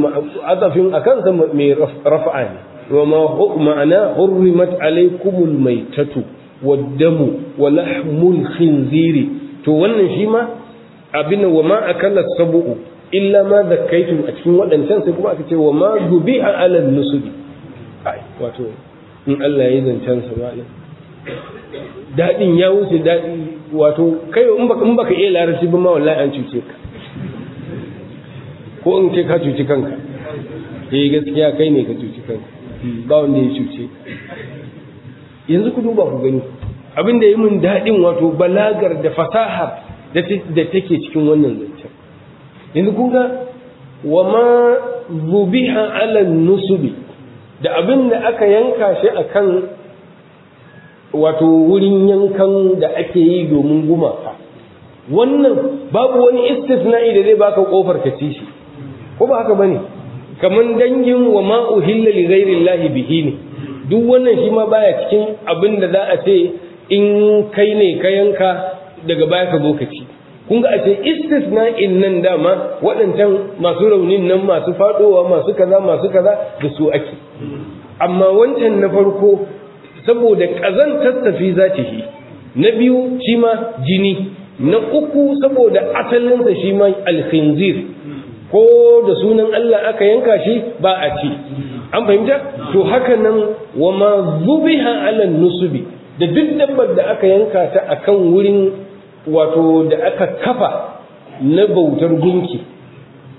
azafin a kansa mai rafa'a ne wa ma'ana hurrimat alaikumul maitatu waddamu wa lahmul khinziri to wannan shi ma abin wa ma akala sabu'u illa ma zakkaitum a cikin waɗancan sai kuma aka ce wa ma zubi a alal nusubi wato in Allah ya zancen sa ma Dadin ya wuce dadi wato kai in baka iya larabci ba ma wallahi an cuce ka ko in kai ka cuci kanka eh gaskiya kai ne ka cuci kanka ba wanda ya cuce yanzu ku duba ku gani abin da yi mun daɗin wato balagar da fasahar da take cikin wannan zancen yanzu ku ga wa ma zubiha ala nusubi da abin da aka yanka shi akan wato wurin yankan da ake yi domin gumaka wannan babu wani istisna'i da zai baka kofar ka ci shi ko ba haka bane kaman dangin wa ma uhilla li lahibihi ne duk wannan shi ma baya cikin abin da za a ce in kai ne ka daga baya ka lokaci kun ga a ce istisna'in nan dama waɗancan masu raunin nan masu faɗowa masu kaza masu kaza da su ake amma wancan na farko saboda ƙazan tattafi za ta yi na biyu shi ma jini na uku saboda asalinsa shi ma alkhinzir ko da sunan Allah aka yanka shi ba a ci an fahimta to haka nan wa ma zubiha ala nusubi da duk dabbar da aka yanka ta akan wurin wato da aka kafa na bautar gunki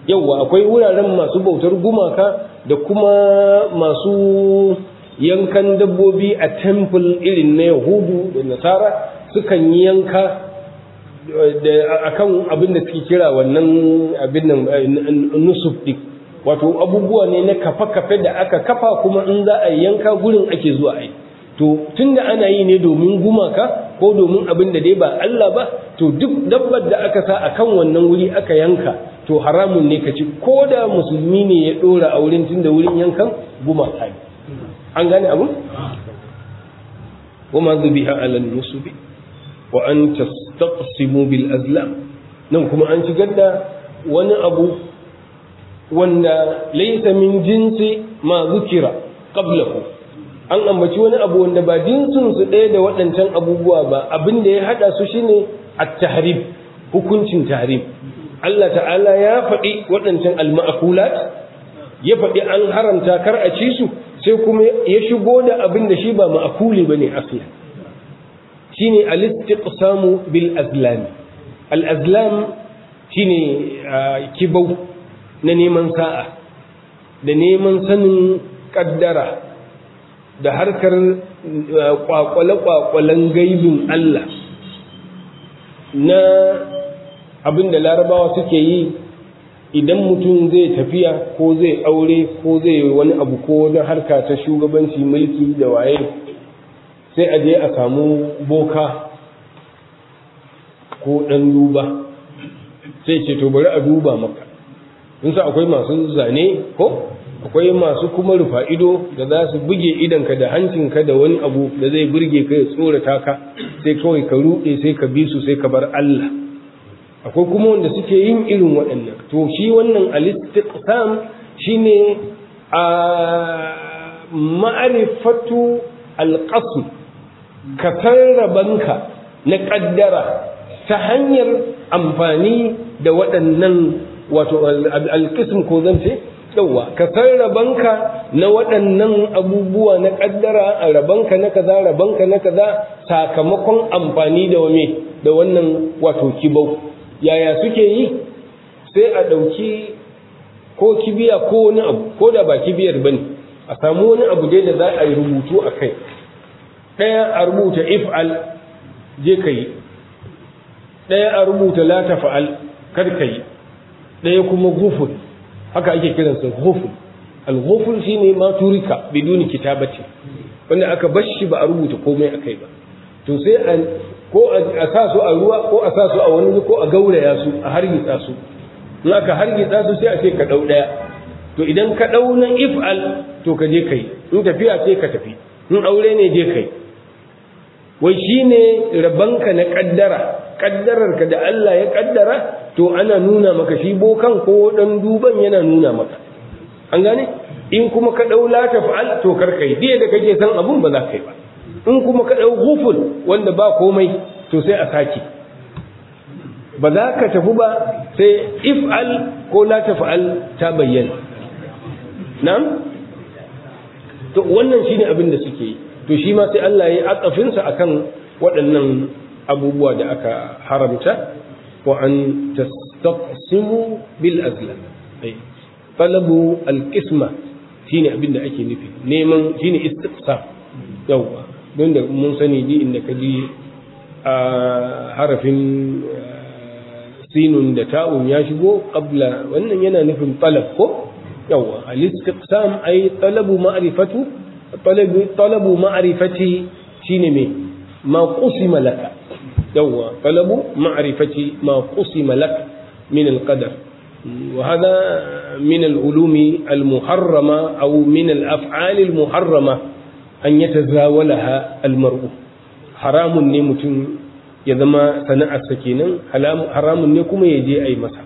yauwa akwai wuraren masu bautar gumaka da kuma masu yankan dabbobi a temple irin na yahudu da nasara sukan yi yanka akan abin da suke kira wannan abin nan eh, nusuf ɗin wato abubuwa ne na kafa kafe da aka kafa kuma in za a yanka gurin ake zuwa ai to tun da ana yi ne domin gumaka ko domin abin da dai ba Allah ba to duk dabbar da aka sa a kan wannan wuri aka yanka to haramun ne ka ci ko da musulmi ne ya ɗora a wurin tun da wurin yankan gumaka ne an gane abun wa ma zubiha ala nusubi wa an tas taqsimu bil azlam nan kuma an ci da wani abu wanda laysa min jinsi ma zukira qablahu an ambaci wani abu wanda ba jinsin su ɗaya da waɗancan abubuwa ba abin da ya haɗa su shine at-tahrim hukuncin tahrim Allah ta'ala ya faɗi waɗancan al-ma'kulat ya faɗi an haramta kar a ci su sai kuma ya shigo da abin da shi ba ma'akuli ba ne shine al-istiqsamu bil azlam al azlam shine kibau na neman sa'a da neman sanin kaddara da harkar kwakwale-kwakwalen gaibin Allah na abin da larabawa suke yi idan mutum zai tafiya ko zai aure ko zai wani abu ko na harka ta shugabanci mulki da waye sai a je a samu boka ko ɗan duba sai ce to bari a duba maka in sa akwai masu zane ko akwai masu kuma rufa ido da za su buge idanka da hancinka da wani abu da zai burge ka ya tsorata ka sai kawai ka ruɗe sai ka bi su sai ka bar Allah akwai kuma wanda suke yin irin waɗannan to shi wannan alistiqsam shine a ma'rifatu alqasm ka tarrabanka na ƙaddara ta hanyar amfani da waɗannan wato alƙism ko zan ce yauwa ka san rabanka na waɗannan abubuwa na ƙaddara a rabanka na kaza rabanka na kaza sakamakon amfani da wame da wannan wato kibau yaya suke yi sai a ɗauki ko kibiya ko wani abu ko da ba kibiyar bane a samu wani abu dai da za a yi rubutu a kai ɗaya a rubuta if'al je ka yi ɗaya a rubuta la tafa'al kar ka yi ɗaya kuma gufun haka ake kiransa gufun al-gufun shine ma turika biduni kitabati wanda aka bashi ba a rubuta komai kai ba to sai an ko a sa su a ruwa ko a sa su a wani ko a gauraya su a hargitsa su in aka hargitsa su sai a ce ka ɗau ɗaya. to idan ka ɗau na if'al to ka je ka yi. in tafiya sai ka tafi in aure ne je ka yi. wai shine rabanka na kaddara kaddarar ka da Allah ya kaddara to ana nuna maka shi bokan ko dan duban yana nuna maka an gane in kuma ka dau la fa'al to kar kai biye da kake san abun ba za kai ba in kuma ka dau ghuful wanda ba komai to sai a saki ba za ka tafi ba sai if'al ko la fa'al ta bayyana na'am to wannan shine abin da suke yi to shi ma sai Allah ya atsafinsa akan waɗannan abubuwa da aka haramta wa an tastaqsimu bil azlam ai talabu al qisma shine abin da ake nufi neman shine istiqsam yawa don da mun sani di inda ka ji a harafin sinun da ta'un ya shigo qabla wannan yana nufin talab ko yawa al istiqsam ai talabu ma'rifatu طلبوا طلبوا معرفتي شنو ما قسم لك دوا طلبوا معرفتي ما قسم لك من القدر وهذا من العلوم المحرمة أو من الأفعال المحرمة أن يتزاولها المرء حرام نمت يذما سنع السكينة حرام نكم يجي أي مسح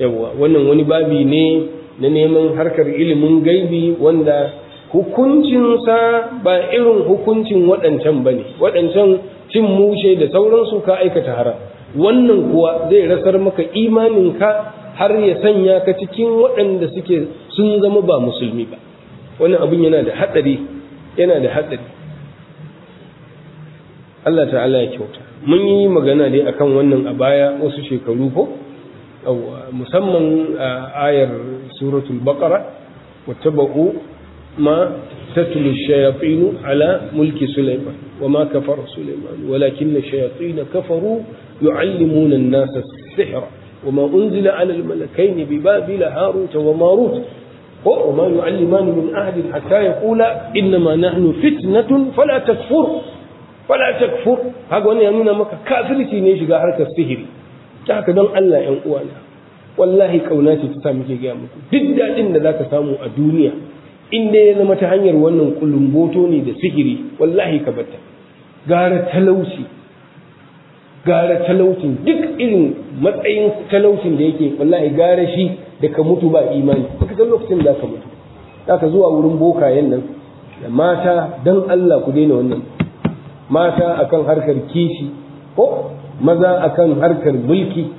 يوا وانا واني بابي ني نني من حركة علم غيبي وانا hukuncinsa ba irin hukuncin waɗancan ba ne waɗancan cin mushe da sauransu ka aikata haram wannan kuwa zai rasar maka imaninka har ya sanya ka cikin waɗanda suke sun zama ba musulmi ba wannan abin yana da haɗari yana da haɗari Allah ta'ala ya kyauta mun yi magana dai akan wannan a baya wasu shekaru ko musamman ayar suratul baqara wattaba'u ما تتلو الشياطين على ملك سليمان وما كفر سليمان ولكن الشياطين كفروا يعلمون الناس السحر وما أنزل على الملكين ببابل هاروت وماروت وما يعلمان من أحد حتى يقولا إنما نحن فتنة فلا تكفر فلا تكفر هذا وانا يمنى مكة كافرتي نيش قاعدة السهر تحكى الله ينقوانا والله كوناتي تسامي جامكم ضد إن ذاك سامو الدنيا in dai ya zama ta hanyar wannan kulumboto ne da sihiri wallahi ka batta gara talauci gara talaucin duk irin matsayin talaucin da yake wallahi gara shi da ka mutu ba imani baka san lokacin da ka mutu zaka zuwa wurin bokayen nan da mata dan Allah ku daina wannan mata akan harkar kishi ko maza akan harkar mulki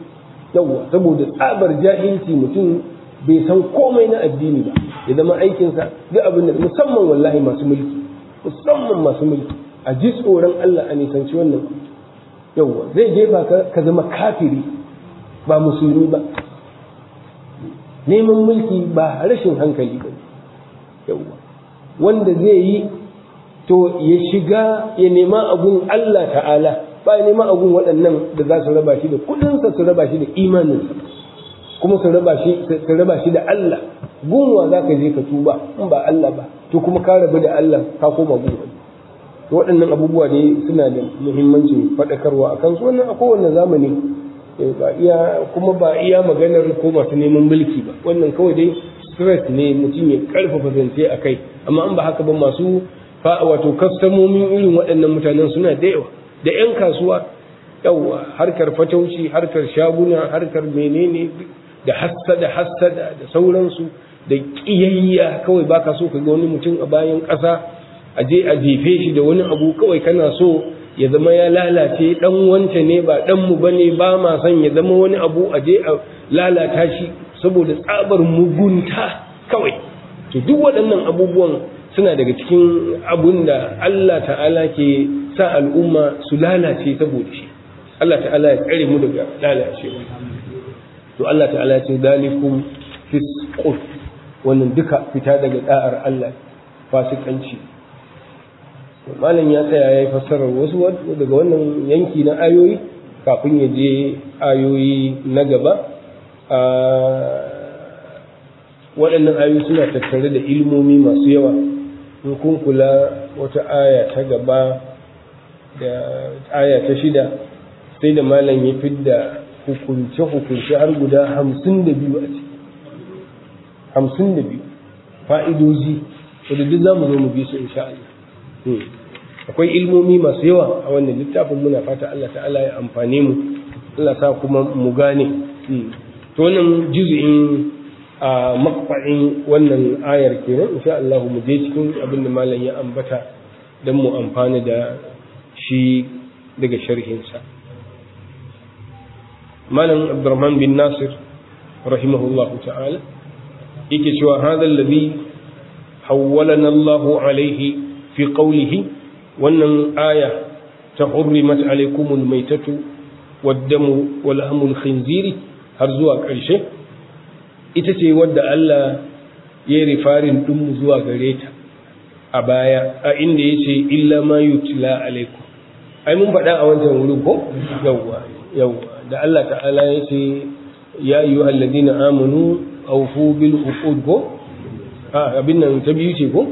yawa saboda tsabar jahilci mutum bai san komai na addini ba ya zama aikinsa duk abin da musamman wallahi masu mulki musamman masu mulki a ji tsoron Allah a nisanci wannan yawwa zai jefa ka ka zama kafiri ba musulmi ba neman mulki ba rashin hankali ba yawwa wanda zai yi to ya shiga ya nema abun Allah ta'ala ba ya nema abun waɗannan da za su raba shi da kuɗinsa su raba shi da imaninsa kuma ka raba shi da Allah gunwa za ka je ka tuba in ba Allah ba to kuma ka rabu da Allah ka koma gunwa to waɗannan abubuwa ne suna da muhimmanci faɗakarwa a kansu wannan a kowane zamani eh, kuma ba iya maganar ko masu neman mulki ba wannan kawai dai stress ne mutum ya karfafa zance a kai amma an ba haka ba masu wato kastamomin irin waɗannan mutanen suna da yawa da 'yan kasuwa yawa harkar fatauci harkar shaguna harkar menene da hassada hassada da sauransu da ƙiyayya kawai baka so ka ga wani mutum a bayan ƙasa a je a jefe shi da wani abu kawai kana so ya zama ya lalace dan wance ne ba dan mu bane ba ma son ya zama wani abu a je a lalata shi saboda tsabar mugunta kawai to duk waɗannan abubuwan suna daga cikin abun da Allah ta'ala ke sa al'umma su lalace saboda shi Allah ta'ala ya tsare mu daga lalacewa to Allah ta'ala ya ce dalikum fisqus wannan duka fita daga da'ar Allah fasikanci malam ya tsaya ya yi fassarar wasu daga wannan yanki na ayoyi kafin ya je ayoyi na gaba waɗannan ayoyi suna tattare da ilmomi masu yawa in kun kula wata aya ta gaba da aya ta shida sai da malam ya fidda hukunce-hukunce har guda hamsin da biyu a ce hamsin da biyu fa'idoji wadda duk za mu zo mu bi su insha Allah hmm. akwai ilmomi masu yawa a wannan littafin muna fata Allah ta'ala ya amfane mu Allah sa kuma mu gane hmm. to wannan juz'in a makfa'in wannan ayar kenan insha Allah mu je cikin abin da malam ya ambata don mu amfana da shi daga sharhinsa. Malam abdurrahman bin nasir rahimahullahu ta'ala yake cewa hadha alladhi hawwalana alaihi fi qawlihi wannan aya ta hurrimat alaykumul maytatu wad-damu wal hamul har zuwa ƙarshe ita ce wadda Allah ya rifarin ɗinmu zuwa gare ta a baya a inda ya ce illa ma yutla alaikum mun faɗa a wancan wurin ko yawwa da Allah ta'ala ya ce ya yi alladina a aufu bil uqud ko a abin nan ta biyu ce ko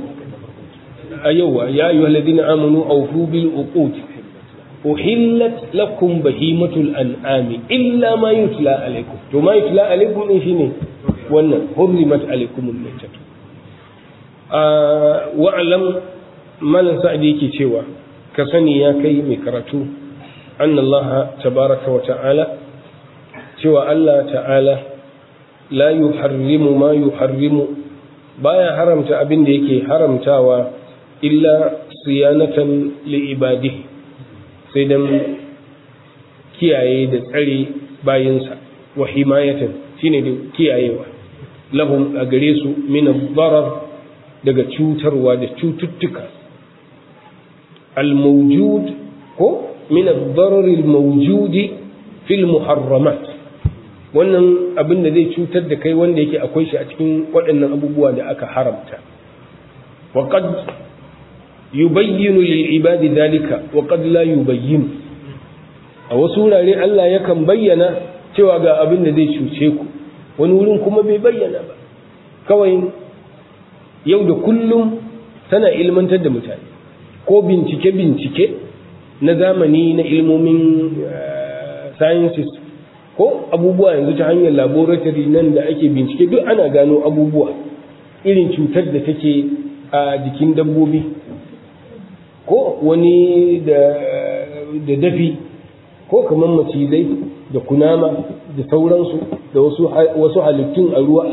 a yawa ya yi alladina amanu aufu bil uqud uhillat lakum bahimatul an'ami illa ma yutla alaikum to ma yutla alaikum din shine wannan hurrimat alaikum al-maytat a wa'lam man sa'di yake cewa ka sani ya kai mai karatu أن الله تبارك وتعالى cewa Allah ta'ala la yuharrimu ma yuharrimu baya haramta abinda da yake haramtawa illa siyanatan li'ibadi sai dan kiyaye da tsare bayinsa wa himayatan shine da kiyayewa lahu a gare su min darar daga cutarwa da cututtuka al-mawjud ko من الضرر الموجود في المحرمات wannan abin da zai cutar da kai wanda yake akwai shi a cikin waɗannan abubuwa da aka haramta wa qad yubayyinu lil ibadi dalika wa qad la yubayyin a wasu wurare Allah yakan bayyana cewa ga abin da zai cuce ku wani wurin kuma bai bayyana ba kawai yau da kullum tana ilmantar da mutane ko bincike bincike na zamani na ilmomin eh, sciences ko abubuwa yanzu ta hanyar laboratory nan da ake bincike duk ana gano abubuwa irin cutar da take a jikin dabbobi ko wani da dafi ko kamar macizai da kunama da sauransu da wasu halittun a ruwa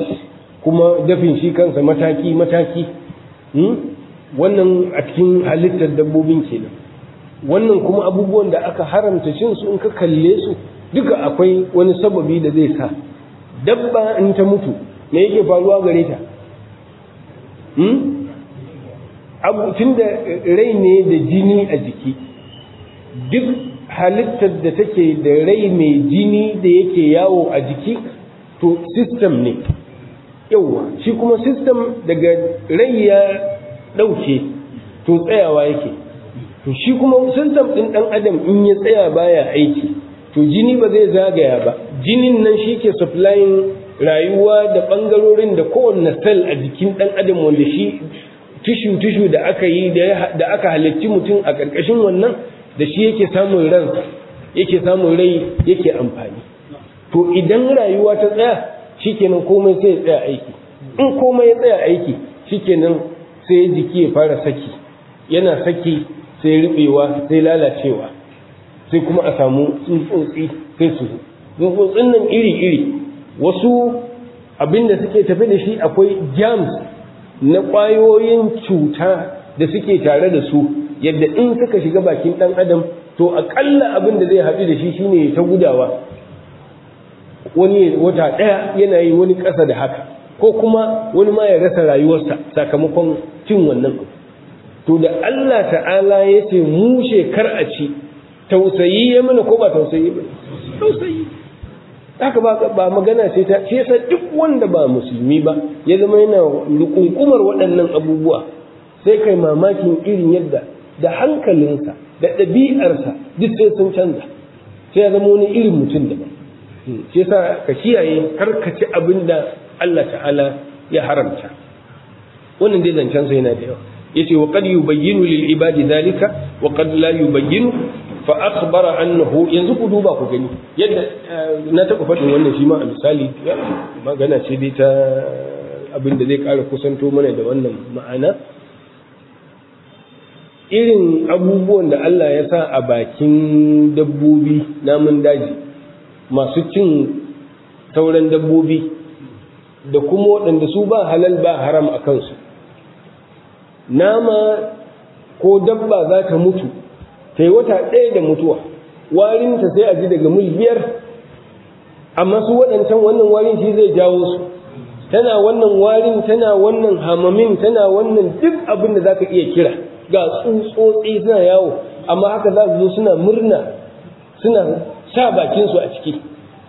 kuma dafin shi kansa mataki-mataki hmm? wannan a cikin halittar dabbobin kenan wannan kuma abubuwan da aka haramta cin su in ka kalle su duka akwai wani sababi da zai sa dabba in ta mutu me yake faruwa gare ta hmm? tun da rai ne da jini a jiki duk halittar da take da rai mai jini da yake yawo a jiki to system ne yauwa shi kuma system daga rai ya ɗauke to tsayawa yake to shi kuma system ɗin ɗan adam in ya tsaya baya aiki to jini ba zai zagaya ba jinin nan shi ke supplying rayuwa da ɓangarorin da kowanne cell a jikin ɗan adam wanda shi tishu-tishu da aka yi da aka halarci mutum a ƙarƙashin wannan da shi yake samun ransa yake samun rai yake amfani to idan rayuwa ta tsaya shi kenan komai sai ya tsaya aiki in komai ya tsaya aiki shi kenan sai jiki ya fara saki yana saki sai rubewa sai lalacewa sai kuma a samu tsutsotsi sai su tsutsotsin nan iri-iri wasu abin da suke tafi da shi akwai jams na kwayoyin cuta da suke tare da su yadda in suka shiga bakin ɗan adam to akalla abin da zai haɗu da shi shine ta gudawa wani wata ɗaya yana yi wani ƙasa da haka ko kuma wani ma ya rasa rayuwarsa sakamakon cin wannan to da Allah ta'ala ya ce mu shekar a ci tausayi ya mana ko ba tausayi ba tausayi haka ba ba magana sai ta sai sa duk wanda ba musulmi ba ya zama yana lukunkumar waɗannan abubuwa sai kai mamakin irin yadda da hankalinsa da ɗabi'arsa duk sai sun canza sai ya zama wani irin mutum da ba. Hmm, sai sa ka kiyaye kar ka ci abin da Allah ta'ala ya haramta wannan dai zancensa yana da yawa yace wa qad yubayyinu lil ibadi dhalika wa qad la yubayyin fa akhbara annahu yanzu ku duba ku gani yadda eh, na taɓa faɗin wannan shi ma a misali magana ce dai ta abin da zai kara kusanto mana da wannan ma'ana irin abubuwan da Allah ya sa a bakin dabbobi namun daji masu cin sauran dabbobi da kuma waɗanda su ba halal ba haram a kansu nama ko dabba za ta mutu ta wata ɗaya da mutuwa warinta sai a ji daga mil biyar amma su waɗancan wannan warin shi zai jawo su tana wannan warin tana wannan hamamin tana wannan duk abin da za ka iya kira ga tsutsotsi suna yawo amma haka za su zo suna murna suna sa bakinsu a ciki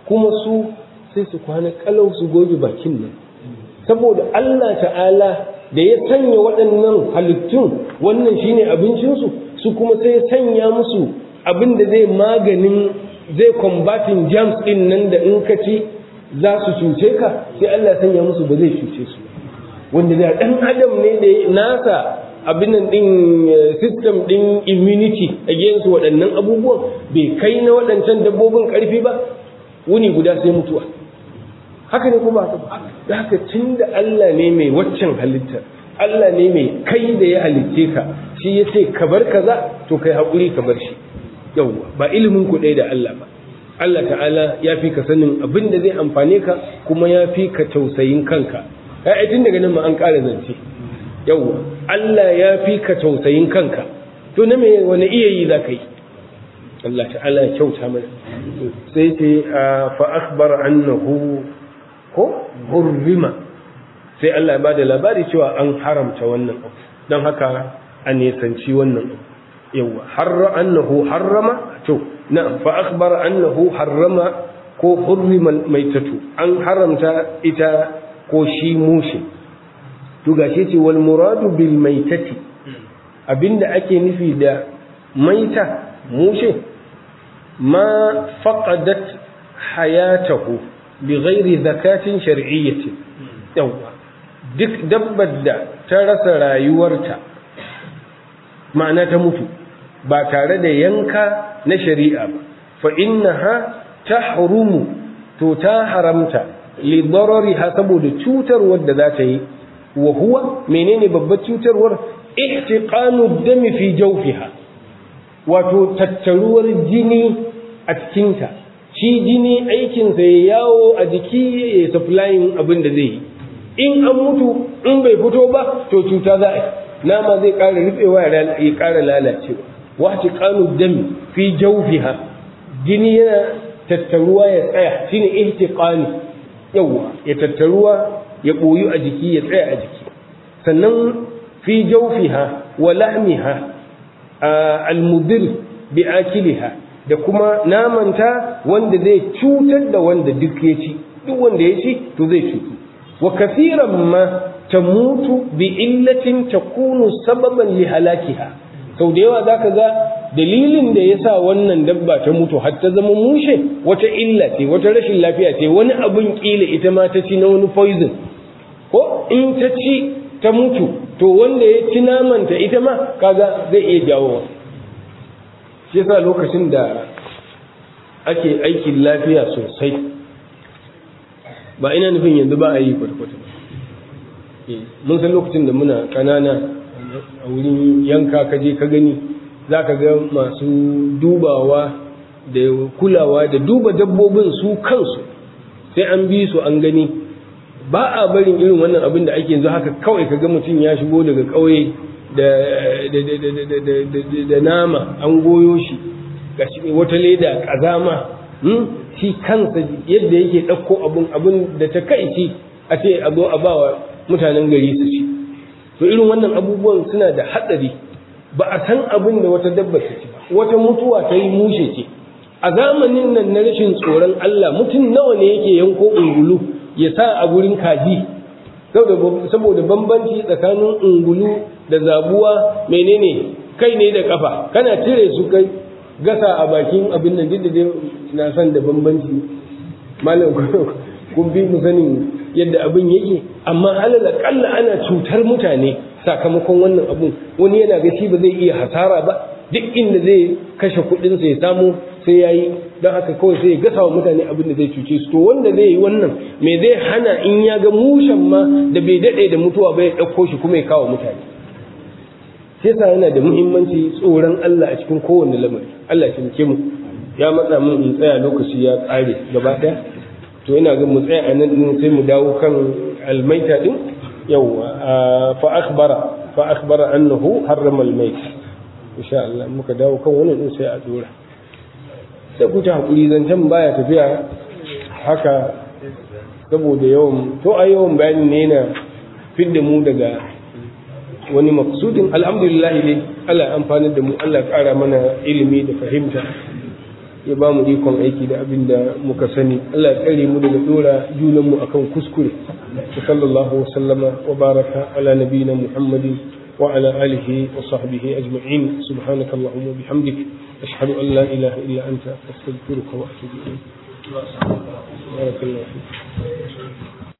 kuma su sai su kwana kalau su goge bakin nan saboda Allah ta'ala da ya sanya waɗannan halittun wannan shine abincinsu su kuma sai ya sanya musu abin da zai maganin zai combating germs ɗin nan da in ka ci za su cuce ka sai Allah sanya musu ba zai cuce su wanda da ɗan adam ne da nasa abin din ɗin eh, system ɗin immunity against waɗannan abubuwan bai kai na waɗancan dabbobin ƙarfi ba wuni guda sai mutuwa haka ne kuma haka da haka tun da Allah ne mai waccan halitta, Allah ne mai kai da ya halicce ka shi ya ce ka bar kaza to kai haƙuri ka bar shi yawwa ba ilimin ku ɗaya da Allah ba Allah ta'ala ya fi ka sanin abin da zai amfane ka kuma ya fi ka tausayin kanka ai tun daga nan ma an ƙara zance yawwa Allah ya fi ka tausayin kanka to na me wani iya yi za ka yi Allah ta'ala ya kyauta mana sai ce fa akhbar annahu ko hurrima sai Allah ya ba da labari cewa an haramta wannan abu don haka an nisanci wannan abu yawa harra annahu harrama to na fa akhbara annahu harrama ko hurrima maitatu an haramta ita ko shi mushi to gashi ce wal muradu bil maitati abinda ake nufi da maita mushe ma faqadat hayatahu bi ghairi zakatin shar'iyyati yawa duk dabbar da ta rasa rayuwarta ma'ana ta mutu ba tare da yanka na shari'a ba fa innaha tahrumu to ta haramta li darariha saboda cutarwar da za ta yi wa huwa menene babbar cutarwar ihtiqanu dami fi jawfiha wato tattaruwar jini a cikinta shi jini aikinsa ya yawo a jiki ya supplying abin da zai yi in an mutu in bai fito ba to cuta za a yi nama zai ƙara rufewa ya ƙara lalacewa Wace ƙanu dami fi jaufiha jini yana tattaruwa ya tsaya shine ihtiqani yawa ya tattaruwa ya boyu a jiki ya tsaya a jiki sannan fi jawfiha wa lahmiha al-mudir bi akiliha da kuma namanta wanda zai cutar da wanda duk ya ci duk wanda ya ci to zai cutu wa kasiran ma ta mutu bi illatin takunu sababan li halakiha sau da yawa zaka ga dalilin da yasa wannan dabba ta mutu har ta zama mushe wata illa ce wata rashin lafiya ce wani abun kila ita ma ta ci na wani poison ko in ta ci ta mutu to wanda ya ci namanta ita ma kaga zai iya jawowa shi yasa lokacin da ake aikin lafiya sosai ba ina nufin yanzu ba a yi kwatakwata eh, mun san lokacin da muna ƙanana a wurin yanka ka je ka gani za ka ga masu dubawa da kulawa da duba dabbobin su kansu sai an bi su an gani ba a barin irin wannan abin da ake yanzu haka kawai ka ga mutum ya shigo daga ƙauye da nama an goyo shi ga wata leda kazama hmm? shi kansa yadda yake ɗauko abun abun da ta kai a ce a zo a bawa mutanen gari su ci to irin wannan abubuwan suna da hatsari ba a san abin da wata dabba ta ci ba wata mutuwa ta yi mushe ce a zamanin nan na rashin tsoron Allah mutum nawa ne yake yanko ungulu ya sa a gurin kaji saboda bambanci tsakanin ungulu da zabuwa menene kai ne da kafa kana cire su kai gasa a bakin abin nan duk da na san da bambanci malam kun bi mu sanin yadda abin yake amma alal kalla ana cutar mutane sakamakon wannan abun wani yana ga ba zai iya hasara ba duk inda zai kashe kuɗinsa ya samu sai ya yi don haka kawai sai ya gasa wa mutane abin da zai cuce su to wanda zai yi wannan me zai hana in ya ga mushen ma da bai daɗe da mutuwa ba ya ɗauko shi kuma ya kawo mutane sai yasa yana da muhimmanci tsoron Allah a cikin kowanne lamari Allah ya muke mu ya matsa mun in tsaya lokaci ya tsare gaba ɗaya to ina ga mu tsaya a nan sai mu dawo kan almaita din yau fa akhbara fa akhbara annahu harrama almaita insha Allah muka dawo kan wannan din sai a dora sai ku ta hakuri zancen baya tafiya haka saboda yawan to a yawan bayanin ne na fidda mu daga wani maksudin alhamdulillah ne Allah amfani da mu Allah ƙara mana ilimi da fahimta ya ba mu ikon aiki da abin da muka sani Allah ya tsare mu daga dora junan mu akan kuskure sallallahu sallama wa baraka ala nabiyina muhammadin وعلى آله وصحبه أجمعين سبحانك اللهم وبحمدك أشهد أن لا إله إلا أنت أستغفرك وأتوب إليك بارك الله فيك